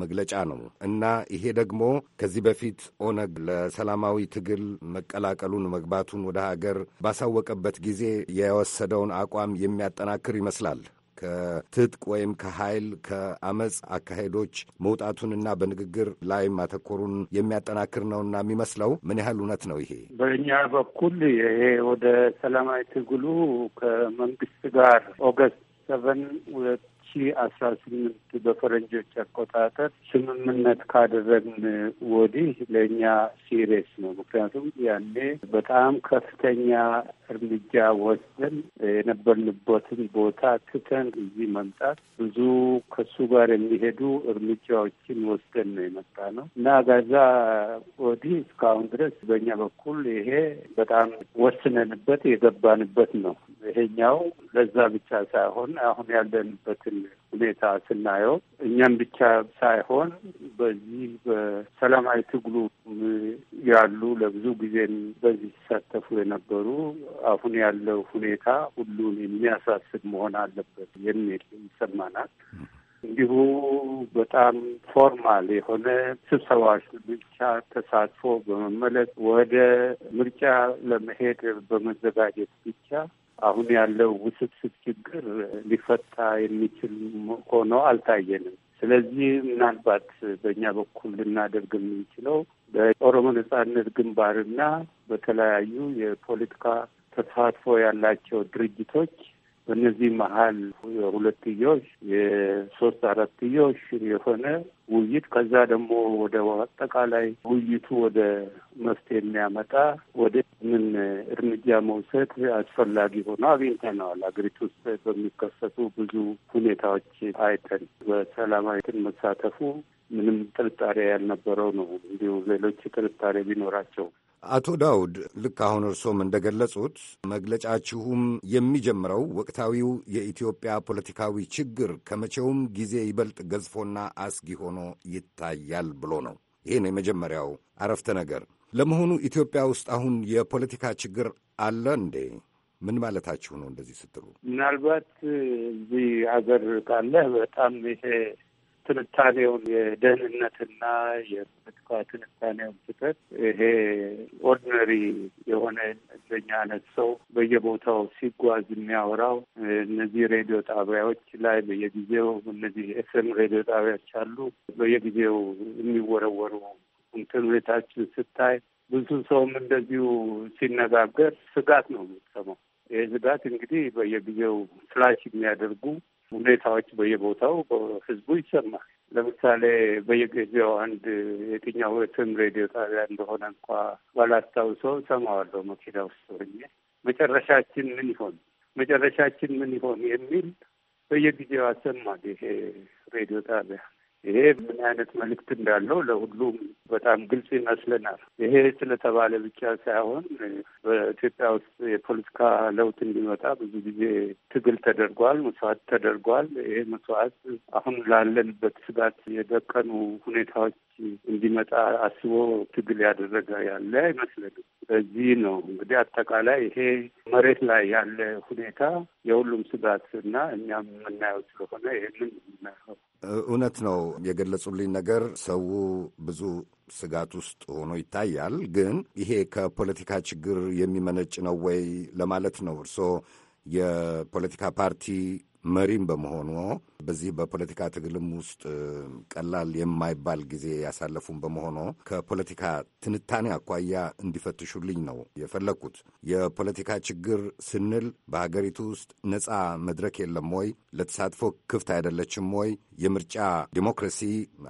መግለጫ ነው እና ይሄ ደግሞ ከዚህ በፊት ኦነግ ለሰላማዊ ትግል መቀላቀሉን መግባቱን ወደ ሀገር ባሳወቀበት ጊዜ የወሰደውን አቋም የሚያጠናክር ይመስላል። ከትጥቅ ወይም ከኃይል ከአመፅ አካሄዶች መውጣቱንና በንግግር ላይ ማተኮሩን የሚያጠናክር ነውና የሚመስለው ምን ያህል እውነት ነው? ይሄ በእኛ በኩል ይሄ ወደ ሰላማዊ ትግሉ ከመንግስት ጋር ኦገስት ሰቨን ሁለት ሺ አስራ ስምንት በፈረንጆች አቆጣጠር ስምምነት ካደረግን ወዲህ ለእኛ ሲሪየስ ነው። ምክንያቱም ያኔ በጣም ከፍተኛ እርምጃ ወስደን የነበርንበትን ቦታ ትተን እዚህ መምጣት ብዙ ከሱ ጋር የሚሄዱ እርምጃዎችን ወስደን ነው የመጣ ነው እና ጋዛ ወዲህ እስካሁን ድረስ በእኛ በኩል ይሄ በጣም ወስነንበት የገባንበት ነው። ይሄኛው ለዛ ብቻ ሳይሆን አሁን ያለንበትን ሁኔታ ስናየው እኛም ብቻ ሳይሆን በዚህ በሰላማዊ ትግሉ ያሉ ለብዙ ጊዜ በዚህ ሲሳተፉ የነበሩ አሁን ያለው ሁኔታ ሁሉን የሚያሳስብ መሆን አለበት የሚል ይሰማናል። እንዲሁ በጣም ፎርማል የሆነ ስብሰባዎች ብቻ ተሳትፎ በመመለስ ወደ ምርጫ ለመሄድ በመዘጋጀት ብቻ አሁን ያለው ውስብስብ ችግር ሊፈታ የሚችል ሆኖ አልታየንም። ስለዚህ ምናልባት በእኛ በኩል ልናደርግ የምንችለው በኦሮሞ ነጻነት ግንባርና በተለያዩ የፖለቲካ ተሳትፎ ያላቸው ድርጅቶች በእነዚህ መሀል የሁለትዮሽ የሶስት አራትዮሽ የሆነ ውይይት ከዛ ደግሞ ወደ አጠቃላይ ውይይቱ ወደ መፍትሄ የሚያመጣ ወደ ምን እርምጃ መውሰድ አስፈላጊ ሆኖ አግኝተነዋል። አገሪቱ ውስጥ በሚከሰቱ ብዙ ሁኔታዎች አይተን በሰላማዊትን መሳተፉ ምንም ጥርጣሬ ያልነበረው ነው። እንዲሁ ሌሎች ጥርጣሬ ቢኖራቸው አቶ ዳውድ ልክ አሁን እርሶም እንደገለጹት መግለጫችሁም የሚጀምረው ወቅታዊው የኢትዮጵያ ፖለቲካዊ ችግር ከመቼውም ጊዜ ይበልጥ ገዝፎና አስጊ ሆኖ ይታያል ብሎ ነው። ይህ ነው የመጀመሪያው አረፍተ ነገር። ለመሆኑ ኢትዮጵያ ውስጥ አሁን የፖለቲካ ችግር አለ እንዴ? ምን ማለታችሁ ነው እንደዚህ ስትሉ? ምናልባት እዚህ ሀገር ካለ በጣም ይሄ ትንታኔውን የደህንነትና የፖለቲካ ትንታኔውን ስህተት ይሄ ኦርዲነሪ የሆነ እንደኛ አይነት ሰው በየቦታው ሲጓዝ የሚያወራው እነዚህ ሬዲዮ ጣቢያዎች ላይ በየጊዜው እነዚህ ኤፍኤም ሬዲዮ ጣቢያዎች አሉ። በየጊዜው የሚወረወሩ ኢንተርኔታችን ስታይ ብዙ ሰውም እንደዚሁ ሲነጋገር ስጋት ነው የምትሰማው። ይህ ስጋት እንግዲህ በየጊዜው ፍላሽ የሚያደርጉ ሁኔታዎች በየቦታው ህዝቡ ይሰማል። ለምሳሌ በየጊዜው አንድ የትኛው ትም ሬዲዮ ጣቢያ እንደሆነ እንኳ ባላስታውሰው ሰማዋለሁ መኪና ውስጥ ሆኜ መጨረሻችን ምን ይሆን መጨረሻችን ምን ይሆን የሚል በየጊዜው አሰማል ይሄ ሬዲዮ ጣቢያ ይሄ ምን አይነት መልእክት እንዳለው ለሁሉም በጣም ግልጽ ይመስለናል። ይሄ ስለተባለ ብቻ ሳይሆን በኢትዮጵያ ውስጥ የፖለቲካ ለውጥ እንዲመጣ ብዙ ጊዜ ትግል ተደርጓል፣ መስዋዕት ተደርጓል። ይሄ መስዋዕት አሁን ላለንበት ስጋት የደቀኑ ሁኔታዎች እንዲመጣ አስቦ ትግል ያደረገ ያለ አይመስለንም። በዚህ ነው እንግዲህ አጠቃላይ ይሄ መሬት ላይ ያለ ሁኔታ የሁሉም ስጋት እና እኛም የምናየው ስለሆነ ይህንን እውነት ነው የገለጹልኝ ነገር ሰው ብዙ ስጋት ውስጥ ሆኖ ይታያል። ግን ይሄ ከፖለቲካ ችግር የሚመነጭ ነው ወይ ለማለት ነው። እርስዎ የፖለቲካ ፓርቲ መሪም በመሆኑ በዚህ በፖለቲካ ትግልም ውስጥ ቀላል የማይባል ጊዜ ያሳለፉን በመሆኑ ከፖለቲካ ትንታኔ አኳያ እንዲፈትሹልኝ ነው የፈለግኩት። የፖለቲካ ችግር ስንል በሀገሪቱ ውስጥ ነፃ መድረክ የለም ወይ? ለተሳትፎ ክፍት አይደለችም ወይ? የምርጫ ዲሞክራሲ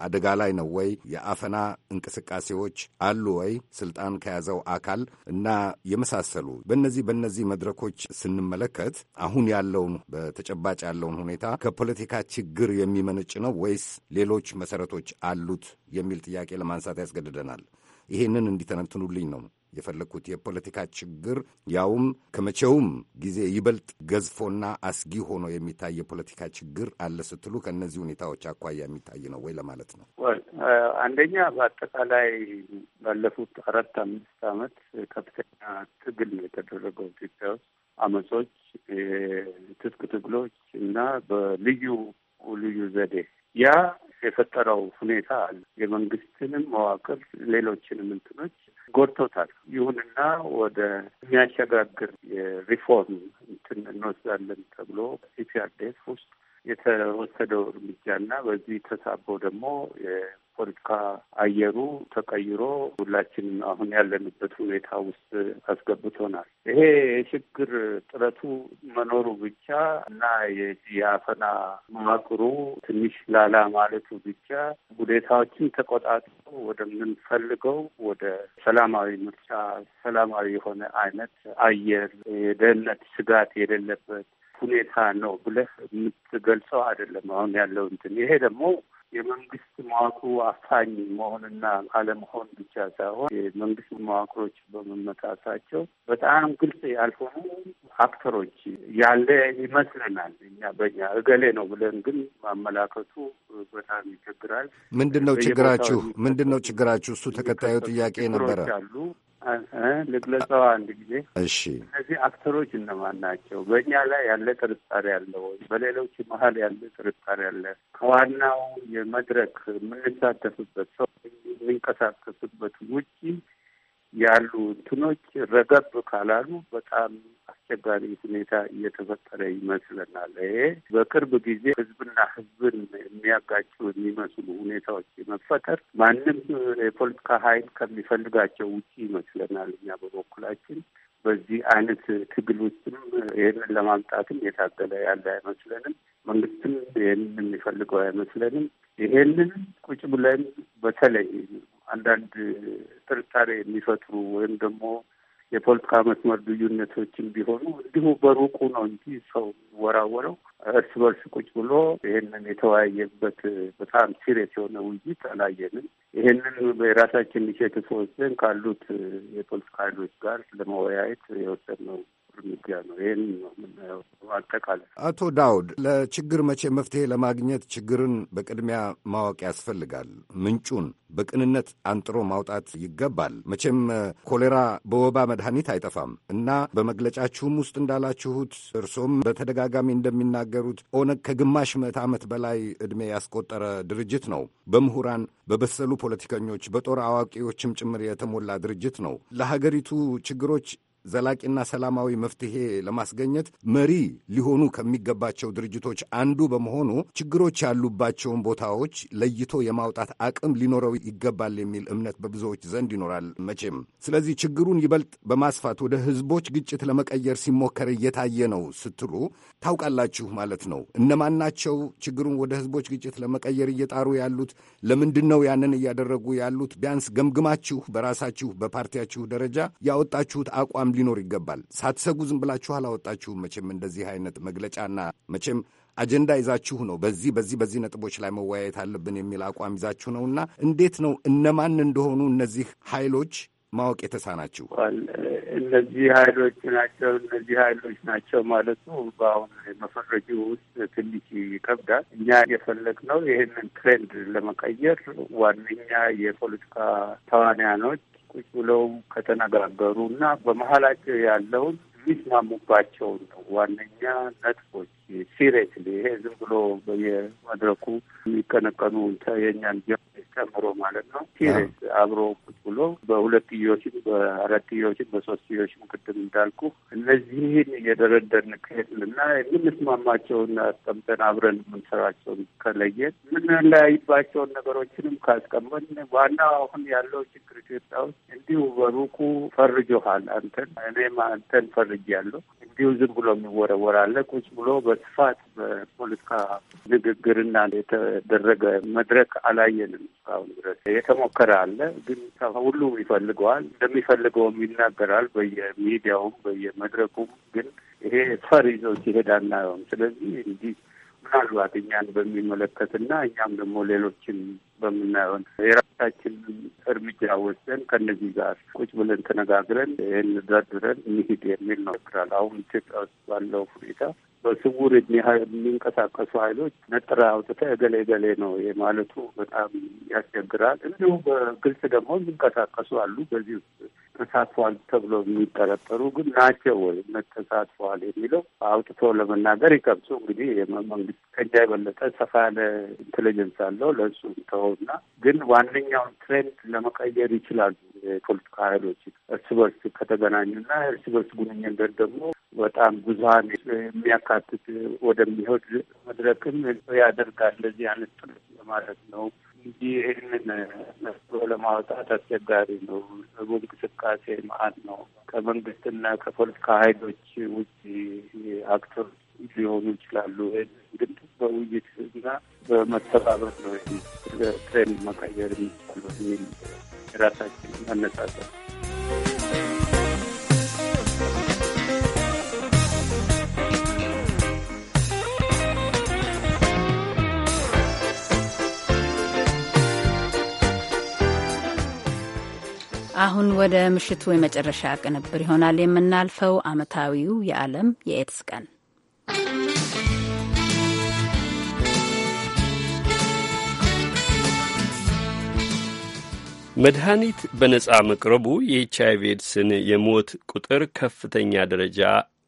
አደጋ ላይ ነው ወይ? የአፈና እንቅስቃሴዎች አሉ ወይ? ስልጣን ከያዘው አካል እና የመሳሰሉ በእነዚህ በእነዚህ መድረኮች ስንመለከት አሁን ያለውን በተጨባጭ ያለውን ሁኔታ ከፖለቲካ ችግር የሚመነጭ ነው ወይስ ሌሎች መሰረቶች አሉት የሚል ጥያቄ ለማንሳት ያስገድደናል። ይሄንን እንዲተነትኑልኝ ነው የፈለግኩት። የፖለቲካ ችግር ያውም ከመቼውም ጊዜ ይበልጥ ገዝፎና አስጊ ሆኖ የሚታይ የፖለቲካ ችግር አለ ስትሉ ከእነዚህ ሁኔታዎች አኳያ የሚታይ ነው ወይ ለማለት ነው። አንደኛ በአጠቃላይ ባለፉት አራት አምስት ዓመት ከፍተኛ ትግል ነው የተደረገው ኢትዮጵያ ውስጥ አመጾች፣ ትጥቅ ትግሎች እና በልዩ ልዩ ዘዴ ያ የፈጠረው ሁኔታ አለ። የመንግስትንም መዋቅር ሌሎችንም እንትኖች ጎድቶታል። ይሁንና ወደ የሚያሸጋግር የሪፎርም እንትን እንወስዳለን ተብሎ ኢፒአርዴፍ ውስጥ የተወሰደው እርምጃና በዚህ ተሳቦ ደግሞ የፖለቲካ አየሩ ተቀይሮ ሁላችን አሁን ያለንበት ሁኔታ ውስጥ አስገብቶናል። ይሄ የችግር ጥረቱ መኖሩ ብቻ እና የአፈና መዋቅሩ ትንሽ ላላ ማለቱ ብቻ ሁኔታዎችን ተቆጣጥሮ ወደምንፈልገው ወደ ሰላማዊ ምርጫ፣ ሰላማዊ የሆነ አይነት አየር፣ የደህንነት ስጋት የሌለበት ሁኔታ ነው ብለህ የምትገልጸው አይደለም። አሁን ያለው እንትን ይሄ ደግሞ የመንግስት መዋቅሩ አፋኝ መሆንና አለመሆን ብቻ ሳይሆን የመንግስት መዋቅሮች በመመጣታቸው በጣም ግልጽ ያልሆኑ አክተሮች ያለ ይመስለናል። እኛ በኛ እገሌ ነው ብለን ግን ማመላከቱ በጣም ይቸግራል። ምንድን ነው ችግራችሁ? ምንድን ነው ችግራችሁ? እሱ ተከታዩ ጥያቄ ነበረ። ልግለጸዋ አንድ ጊዜ። እሺ፣ እነዚህ አክተሮች እነማን ናቸው? በእኛ ላይ ያለ ጥርጣሬ አለ ወይ? በሌሎች መሀል ያለ ጥርጣሬ አለ? ከዋናው የመድረክ የምንሳተፍበት ሰው የሚንቀሳቀሱበት ውጪ ያሉ እንትኖች ረገብ ካላሉ በጣም አስቸጋሪ ሁኔታ እየተፈጠረ ይመስለናል። ይሄ በቅርብ ጊዜ ህዝብና ህዝብን የሚያጋጩ የሚመስሉ ሁኔታዎች መፈጠር ማንም የፖለቲካ ኃይል ከሚፈልጋቸው ውጭ ይመስለናል። እኛ በበኩላችን በዚህ አይነት ትግል ውስጥም ይህንን ለማምጣትም የታገለ ያለ አይመስለንም። መንግስትም ይህንን የሚፈልገው አይመስለንም። ይሄንን ቁጭ ብለን በተለይ አንዳንድ ጥርጣሬ የሚፈጥሩ ወይም ደግሞ የፖለቲካ መስመር ልዩነቶችን ቢሆኑ እንዲሁ በሩቁ ነው እንጂ ሰው ወራወረው እርስ በርስ ቁጭ ብሎ ይሄንን የተወያየበት በጣም ሲሪየስ የሆነ ውይይት አላየንም። ይሄንን የራሳችን ኢኒሼቲቭ ወስደን ካሉት የፖለቲካ ኃይሎች ጋር ለመወያየት የወሰድነው እርምጃ ነው። ይህን አጠቃላይ አቶ ዳውድ ለችግር መቼ መፍትሄ ለማግኘት ችግርን በቅድሚያ ማወቅ ያስፈልጋል። ምንጩን በቅንነት አንጥሮ ማውጣት ይገባል። መቼም ኮሌራ በወባ መድኃኒት አይጠፋም እና በመግለጫችሁም ውስጥ እንዳላችሁት እርሶም በተደጋጋሚ እንደሚናገሩት ኦነግ ከግማሽ ምዕተ ዓመት በላይ ዕድሜ ያስቆጠረ ድርጅት ነው። በምሁራን በበሰሉ ፖለቲከኞች፣ በጦር አዋቂዎችም ጭምር የተሞላ ድርጅት ነው። ለሀገሪቱ ችግሮች ዘላቂና ሰላማዊ መፍትሄ ለማስገኘት መሪ ሊሆኑ ከሚገባቸው ድርጅቶች አንዱ በመሆኑ ችግሮች ያሉባቸውን ቦታዎች ለይቶ የማውጣት አቅም ሊኖረው ይገባል የሚል እምነት በብዙዎች ዘንድ ይኖራል መቼም። ስለዚህ ችግሩን ይበልጥ በማስፋት ወደ ህዝቦች ግጭት ለመቀየር ሲሞከር እየታየ ነው ስትሉ ታውቃላችሁ ማለት ነው። እነማን ናቸው ችግሩን ወደ ህዝቦች ግጭት ለመቀየር እየጣሩ ያሉት? ለምንድን ነው ያንን እያደረጉ ያሉት? ቢያንስ ገምግማችሁ በራሳችሁ በፓርቲያችሁ ደረጃ ያወጣችሁት አቋም ሊኖር ይገባል። ሳትሰጉ ዝም ብላችሁ አላወጣችሁም። መቼም እንደዚህ አይነት መግለጫና መቼም አጀንዳ ይዛችሁ ነው በዚህ በዚህ በዚህ ነጥቦች ላይ መወያየት አለብን የሚል አቋም ይዛችሁ ነው እና እንዴት ነው እነማን እንደሆኑ እነዚህ ኃይሎች ማወቅ የተሳናችሁ? እነዚህ ኃይሎች ናቸው እነዚህ ኃይሎች ናቸው ማለቱ በአሁን መፈረጁ ውስጥ ትንሽ ይከብዳል። እኛ የፈለግነው ይህንን ትሬንድ ለመቀየር ዋነኛ የፖለቲካ ተዋንያኖች ቁጭ ብለው ከተነጋገሩ እና በመሀላቸው ያለውን የሚስማሙባቸውን ነው ዋነኛ ነጥቦች ሲሪየስሊ ይሄ ዝም ብሎ በየመድረኩ የሚቀነቀኑ የእኛን ጨምሮ ማለት ነው። ሲሪየስ አብሮ ቁጭ ብሎ በሁለትዮሽም በአራትዮሽም በሶስትዮሽም ቅድም እንዳልኩ እነዚህን እየደረደርን ከሄድንና የምንስማማቸውን አስቀምጠን አብረን የምንሰራቸውን ከለየን የምንለያይባቸውን ነገሮችንም ካስቀመን ዋና አሁን ያለው ችግር ኢትዮጵያ ውስጥ እንዲሁ በሩቁ ፈርጆሃል አንተን እኔም አንተን ፈርጅ ያለው እንዲሁ ዝም ብሎ የሚወረወራለ ቁጭ ብሎ በስፋት በፖለቲካ ንግግርና የተደረገ መድረክ አላየንም። እስካሁን ድረስ የተሞከረ አለ፣ ግን ሁሉም ይፈልገዋል፣ እንደሚፈልገውም ይናገራል፣ በየሚዲያውም በየመድረኩም። ግን ይሄ ፈር ይዞት ይሄዳል አናየውም። ስለዚህ እንዲህ ምናልባት እኛን በሚመለከት በሚመለከትና እኛም ደግሞ ሌሎችን በምናየውን የራሳችን እርምጃ ወስደን ከነዚህ ጋር ቁጭ ብለን ተነጋግረን ይህን ደርድረን እንሂድ የሚል ነው። አሁን ኢትዮጵያ ውስጥ ባለው ሁኔታ በስውር የሚንቀሳቀሱ ኃይሎች ነጥረ አውጥተ እገሌ ገሌ ነው የማለቱ በጣም ያስቸግራል። እንዲሁ በግልጽ ደግሞ የሚንቀሳቀሱ አሉ። በዚህ ውስጥ ተሳትፏል ተብሎ የሚጠረጠሩ ግን ናቸው ወይ ተሳትፏል የሚለው አውጥቶ ለመናገር ይቀብሱ። እንግዲህ መንግስት ከእኛ የበለጠ ሰፋ ያለ ኢንቴሊጀንስ አለው። ለእሱ ተውና ግን ዋነኛውን ትሬንድ ለመቀየር ይችላሉ የፖለቲካ ኃይሎች እርስ በርስ ከተገናኙና እርስ በርስ ግንኙነት ደግሞ በጣም ብዙሀን የሚያካትት ወደሚሄድ መድረክም ያደርጋል። እንደዚህ አይነት ጥረት ለማድረግ ነው እንጂ ይህንን መስሎ ለማውጣት አስቸጋሪ ነው። ህቡ እንቅስቃሴ መአት ነው። ከመንግስትና ከፖለቲካ ሀይሎች ውጭ አክተር ሊሆኑ ይችላሉ። ግን በውይይትና በመተባበር ነው ትሬንድ መቀየር የሚቻለው የራሳችን አነጻጸር አሁን ወደ ምሽቱ የመጨረሻ ቅንብር ይሆናል የምናልፈው። ዓመታዊው የዓለም የኤድስ ቀን መድኃኒት በነፃ መቅረቡ የኤች አይቪ ኤድስን የሞት ቁጥር ከፍተኛ ደረጃ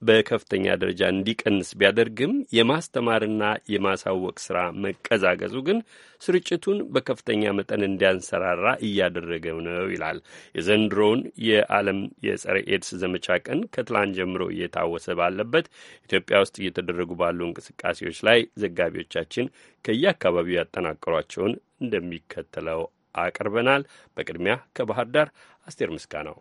በከፍተኛ ደረጃ እንዲቀንስ ቢያደርግም የማስተማርና የማሳወቅ ስራ መቀዛቀዙ ግን ስርጭቱን በከፍተኛ መጠን እንዲያንሰራራ እያደረገ ነው ይላል። የዘንድሮውን የዓለም የጸረ ኤድስ ዘመቻ ቀን ከትላንት ጀምሮ እየታወሰ ባለበት ኢትዮጵያ ውስጥ እየተደረጉ ባሉ እንቅስቃሴዎች ላይ ዘጋቢዎቻችን ከየአካባቢው ያጠናቀሯቸውን እንደሚከተለው አቅርበናል። በቅድሚያ ከባህር ዳር አስቴር ምስጋናው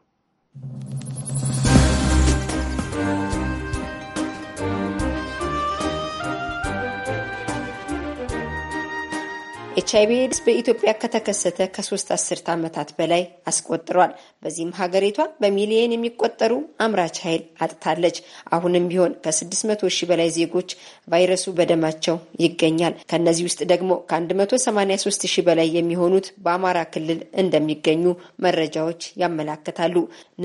ኤች አይቪ ኤድስ በኢትዮጵያ ከተከሰተ ከሶስት አስርት ዓመታት በላይ አስቆጥሯል። በዚህም ሀገሪቷ በሚሊየን የሚቆጠሩ አምራች ኃይል አጥታለች። አሁንም ቢሆን ከ600 ሺህ በላይ ዜጎች ቫይረሱ በደማቸው ይገኛል። ከእነዚህ ውስጥ ደግሞ ከ183 ሺህ በላይ የሚሆኑት በአማራ ክልል እንደሚገኙ መረጃዎች ያመላክታሉ።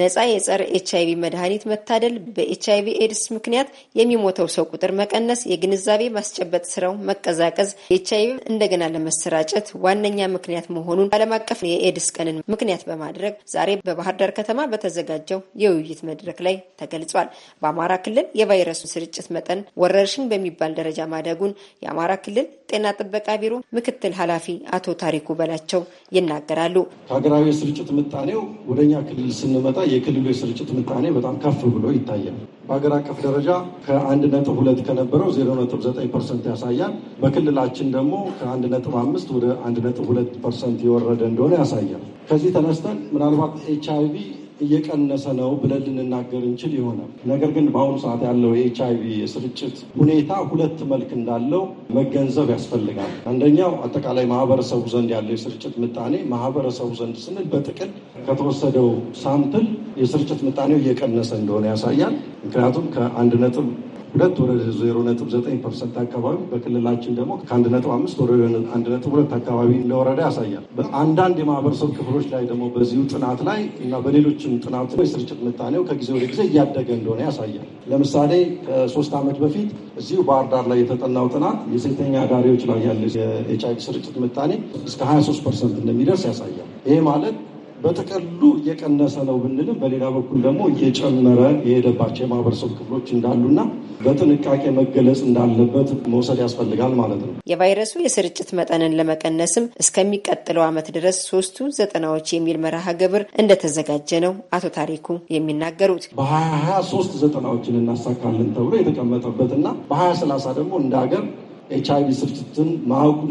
ነፃ የጸረ ኤች አይቪ መድኃኒት መታደል፣ በኤች አይቪ ኤድስ ምክንያት የሚሞተው ሰው ቁጥር መቀነስ፣ የግንዛቤ ማስጨበጥ ስራው መቀዛቀዝ፣ ኤች አይቪ እንደገና ለመ መሰራጨት ዋነኛ ምክንያት መሆኑን ዓለም አቀፍ የኤድስ ቀንን ምክንያት በማድረግ ዛሬ በባህር ዳር ከተማ በተዘጋጀው የውይይት መድረክ ላይ ተገልጿል። በአማራ ክልል የቫይረሱ ስርጭት መጠን ወረርሽኝ በሚባል ደረጃ ማደጉን የአማራ ክልል ጤና ጥበቃ ቢሮ ምክትል ኃላፊ አቶ ታሪኩ በላቸው ይናገራሉ። ሀገራዊ የስርጭት ምጣኔው ወደኛ ክልል ስንመጣ የክልሉ የስርጭት ምጣኔ በጣም ከፍ ብሎ ይታያል። በሀገር አቀፍ ደረጃ ከአንድ ነጥብ ሁለት ከነበረው ዜሮ ነጥብ ዘጠኝ ፐርሰንት ያሳያል። በክልላችን ደግሞ ከአንድ ነጥብ አምስት ወደ አንድ ነጥብ ሁለት ፐርሰንት የወረደ እንደሆነ ያሳያል። ከዚህ ተነስተን ምናልባት ኤች አይ ቪ እየቀነሰ ነው ብለን ልንናገር እንችል ይሆናል። ነገር ግን በአሁኑ ሰዓት ያለው የኤች አይ ቪ የስርጭት ሁኔታ ሁለት መልክ እንዳለው መገንዘብ ያስፈልጋል። አንደኛው አጠቃላይ ማህበረሰቡ ዘንድ ያለው የስርጭት ምጣኔ፣ ማህበረሰቡ ዘንድ ስንል በጥቅል ከተወሰደው ሳምፕል የስርጭት ምጣኔው እየቀነሰ እንደሆነ ያሳያል። ምክንያቱም ከአንድ ነጥብ ሁለት ወደ ዜሮ ነጥብ ዘጠኝ ፐርሰንት አካባቢ በክልላችን ደግሞ ከአንድ ነጥብ አምስት ወደ አንድ ነጥብ ሁለት አካባቢ እንደወረዳ ያሳያል። በአንዳንድ የማህበረሰብ ክፍሎች ላይ ደግሞ በዚሁ ጥናት ላይ እና በሌሎችም ጥናት የስርጭት ምጣኔው ከጊዜ ወደ ጊዜ እያደገ እንደሆነ ያሳያል። ለምሳሌ ከሶስት ዓመት በፊት እዚሁ ባህር ዳር ላይ የተጠናው ጥናት የሴተኛ አዳሪዎች ላይ ያለ የኤች አይ ቪ ስርጭት ምጣኔ እስከ 23 ፐርሰንት እንደሚደርስ ያሳያል። ይሄ ማለት በጥቅሉ እየቀነሰ ነው ብንልም በሌላ በኩል ደግሞ እየጨመረ የሄደባቸው የማህበረሰብ ክፍሎች እንዳሉና በጥንቃቄ መገለጽ እንዳለበት መውሰድ ያስፈልጋል ማለት ነው። የቫይረሱ የስርጭት መጠንን ለመቀነስም እስከሚቀጥለው ዓመት ድረስ ሶስቱ ዘጠናዎች የሚል መርሃ ግብር እንደተዘጋጀ ነው አቶ ታሪኩ የሚናገሩት። በሀያ ሀያ ሶስት ዘጠናዎችን እናሳካለን ተብሎ የተቀመጠበት የተቀመጠበትና በሀያ ሰላሳ ደግሞ እንደ ሀገር ኤች አይቪ ስርጭትን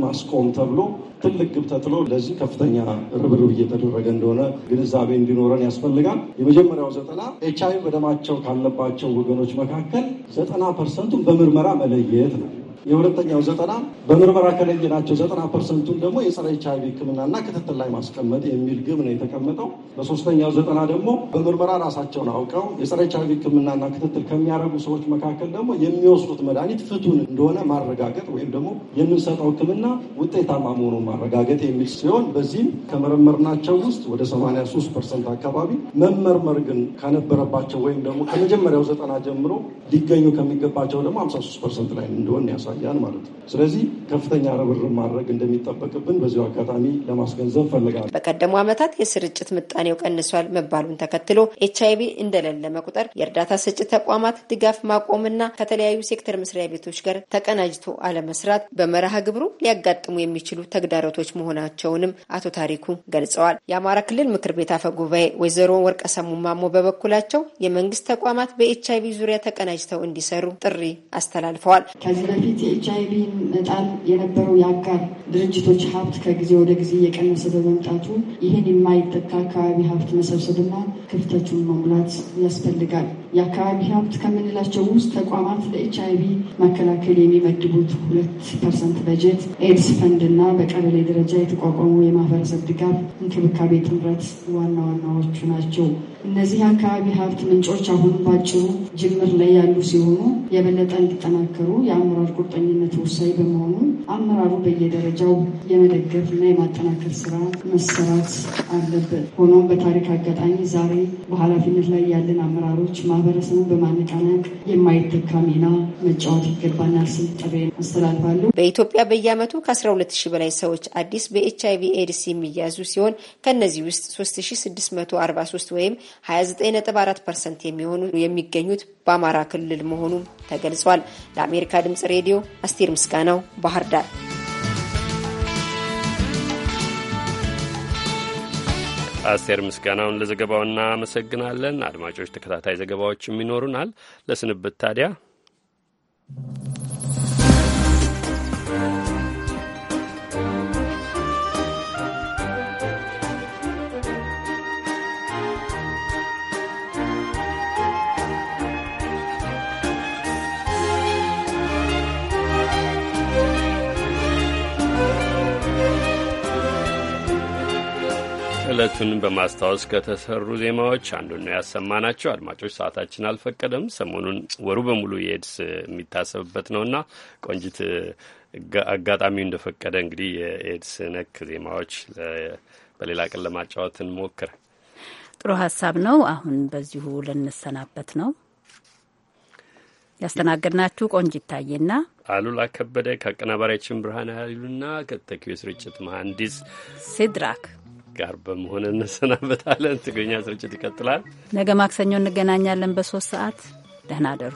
ማስቆም ተብሎ ትልቅ ግብ ተጥሎ ለዚህ ከፍተኛ ርብርብ እየተደረገ እንደሆነ ግንዛቤ እንዲኖረን ያስፈልጋል። የመጀመሪያው ዘጠና ኤች አይ ቪ በደማቸው ካለባቸው ወገኖች መካከል ዘጠና ፐርሰንቱን በምርመራ መለየት ነው። የሁለተኛው ዘጠና በምርመራ ከለየ ናቸው። ዘጠና ፐርሰንቱን ደግሞ የጸረ ኤች አይቪ ሕክምናና ክትትል ላይ ማስቀመጥ የሚል ግብ ነው የተቀመጠው። በሶስተኛው ዘጠና ደግሞ በምርመራ ራሳቸውን አውቀው የጸረ ኤች አይቪ ሕክምናና ክትትል ከሚያደርጉ ሰዎች መካከል ደግሞ የሚወስዱት መድኃኒት ፍቱን እንደሆነ ማረጋገጥ ወይም ደግሞ የምንሰጠው ህክምና ውጤታማ መሆኑን ማረጋገጥ የሚል ሲሆን በዚህም ከመረመርናቸው ውስጥ ወደ 83 ፐርሰንት አካባቢ መመርመር ግን ከነበረባቸው ወይም ደግሞ ከመጀመሪያው ዘጠና ጀምሮ ሊገኙ ከሚገባቸው ደግሞ 53 ፐርሰንት ላይ እንደሆነ ያሳ ያሳያል ማለት ነው። ስለዚህ ከፍተኛ ርብርብ ማድረግ እንደሚጠበቅብን በዚሁ አጋጣሚ ለማስገንዘብ ፈልጋለሁ። በቀደሙ ዓመታት የስርጭት ምጣኔው ቀንሷል መባሉን ተከትሎ ኤች አይ ቪ እንደሌለ መቁጠር የእርዳታ ሰጪ ተቋማት ድጋፍ ማቆምና ከተለያዩ ሴክተር መስሪያ ቤቶች ጋር ተቀናጅቶ አለመስራት በመርሃ ግብሩ ሊያጋጥሙ የሚችሉ ተግዳሮቶች መሆናቸውንም አቶ ታሪኩ ገልጸዋል። የአማራ ክልል ምክር ቤት አፈ ጉባኤ ወይዘሮ ወርቀ ሰሙማሞ በበኩላቸው የመንግስት ተቋማት በኤች አይ ቪ ዙሪያ ተቀናጅተው እንዲሰሩ ጥሪ አስተላልፈዋል። ከዚህ በፊት የኤች አይ ቪ መጣል የነበረው የአጋር ድርጅቶች ሀብት ከጊዜ ወደ ጊዜ እየቀነሰ በመምጣቱ ይህን የማይተካ አካባቢ ሀብት መሰብሰብና ክፍተቱን መሙላት ያስፈልጋል። የአካባቢ ሀብት ከምንላቸው ውስጥ ተቋማት ለኤች አይ ቪ መከላከል የሚመድቡት ሁለት ፐርሰንት በጀት፣ ኤድስ ፈንድ እና በቀበሌ ደረጃ የተቋቋሙ የማህበረሰብ ድጋፍ እንክብካቤ ጥምረት ዋና ዋናዎቹ ናቸው። እነዚህ የአካባቢ ሀብት ምንጮች አሁን ባጭሩ ጅምር ላይ ያሉ ሲሆኑ የበለጠ እንዲጠናከሩ የአመራር ቁርጠኝነት ወሳኝ በመሆኑ አመራሩ በየደረጃው የመደገፍ እና የማጠናከር ስራ መሰራት አለበት። ሆኖም በታሪክ አጋጣሚ ዛሬ በኃላፊነት ላይ ያለን አመራሮች ማህበረሰቡ በማነቃነቅ የማይተካ ሚና መጫወት ይገባናል ስል ጥሪ በኢትዮጵያ በየዓመቱ ከ12 ሺህ በላይ ሰዎች አዲስ በኤች አይቪ ኤድስ የሚያዙ ሲሆን ከእነዚህ ውስጥ 3643 ወይም 29.4 ፐርሰንት የሚሆኑ የሚገኙት በአማራ ክልል መሆኑም ተገልጿል። ለአሜሪካ ድምጽ ሬዲዮ አስቴር ምስጋናው ባህር ዳር። አስቴር ምስጋናውን ለዘገባው እናመሰግናለን። አድማጮች ተከታታይ ዘገባዎችም ይኖሩናል። ለስንብት ታዲያ ዕለቱን በማስታወስ ከተሰሩ ዜማዎች አንዱ ነው ያሰማናቸው። አድማጮች ሰዓታችን አልፈቀደም። ሰሞኑን ወሩ በሙሉ የኤድስ የሚታሰብበት ነውና ቆንጅት አጋጣሚው እንደፈቀደ እንግዲህ የኤድስ ነክ ዜማዎች በሌላ ቀን ለማጫወት እንሞክር። ጥሩ ሀሳብ ነው። አሁን በዚሁ ልንሰናበት ነው። ያስተናገድናችሁ ቆንጅ ይታየና አሉላ ከበደ ከአቀናባሪያችን ብርሃን ኃይሉና ከተኪዮ ስርጭት መሐንዲስ ሲድራክ ጋር በመሆን እንሰናበታለን። ትግርኛ ስርጭት ይቀጥላል። ነገ ማክሰኞ እንገናኛለን በሶስት ሰዓት። ደህና አደሩ።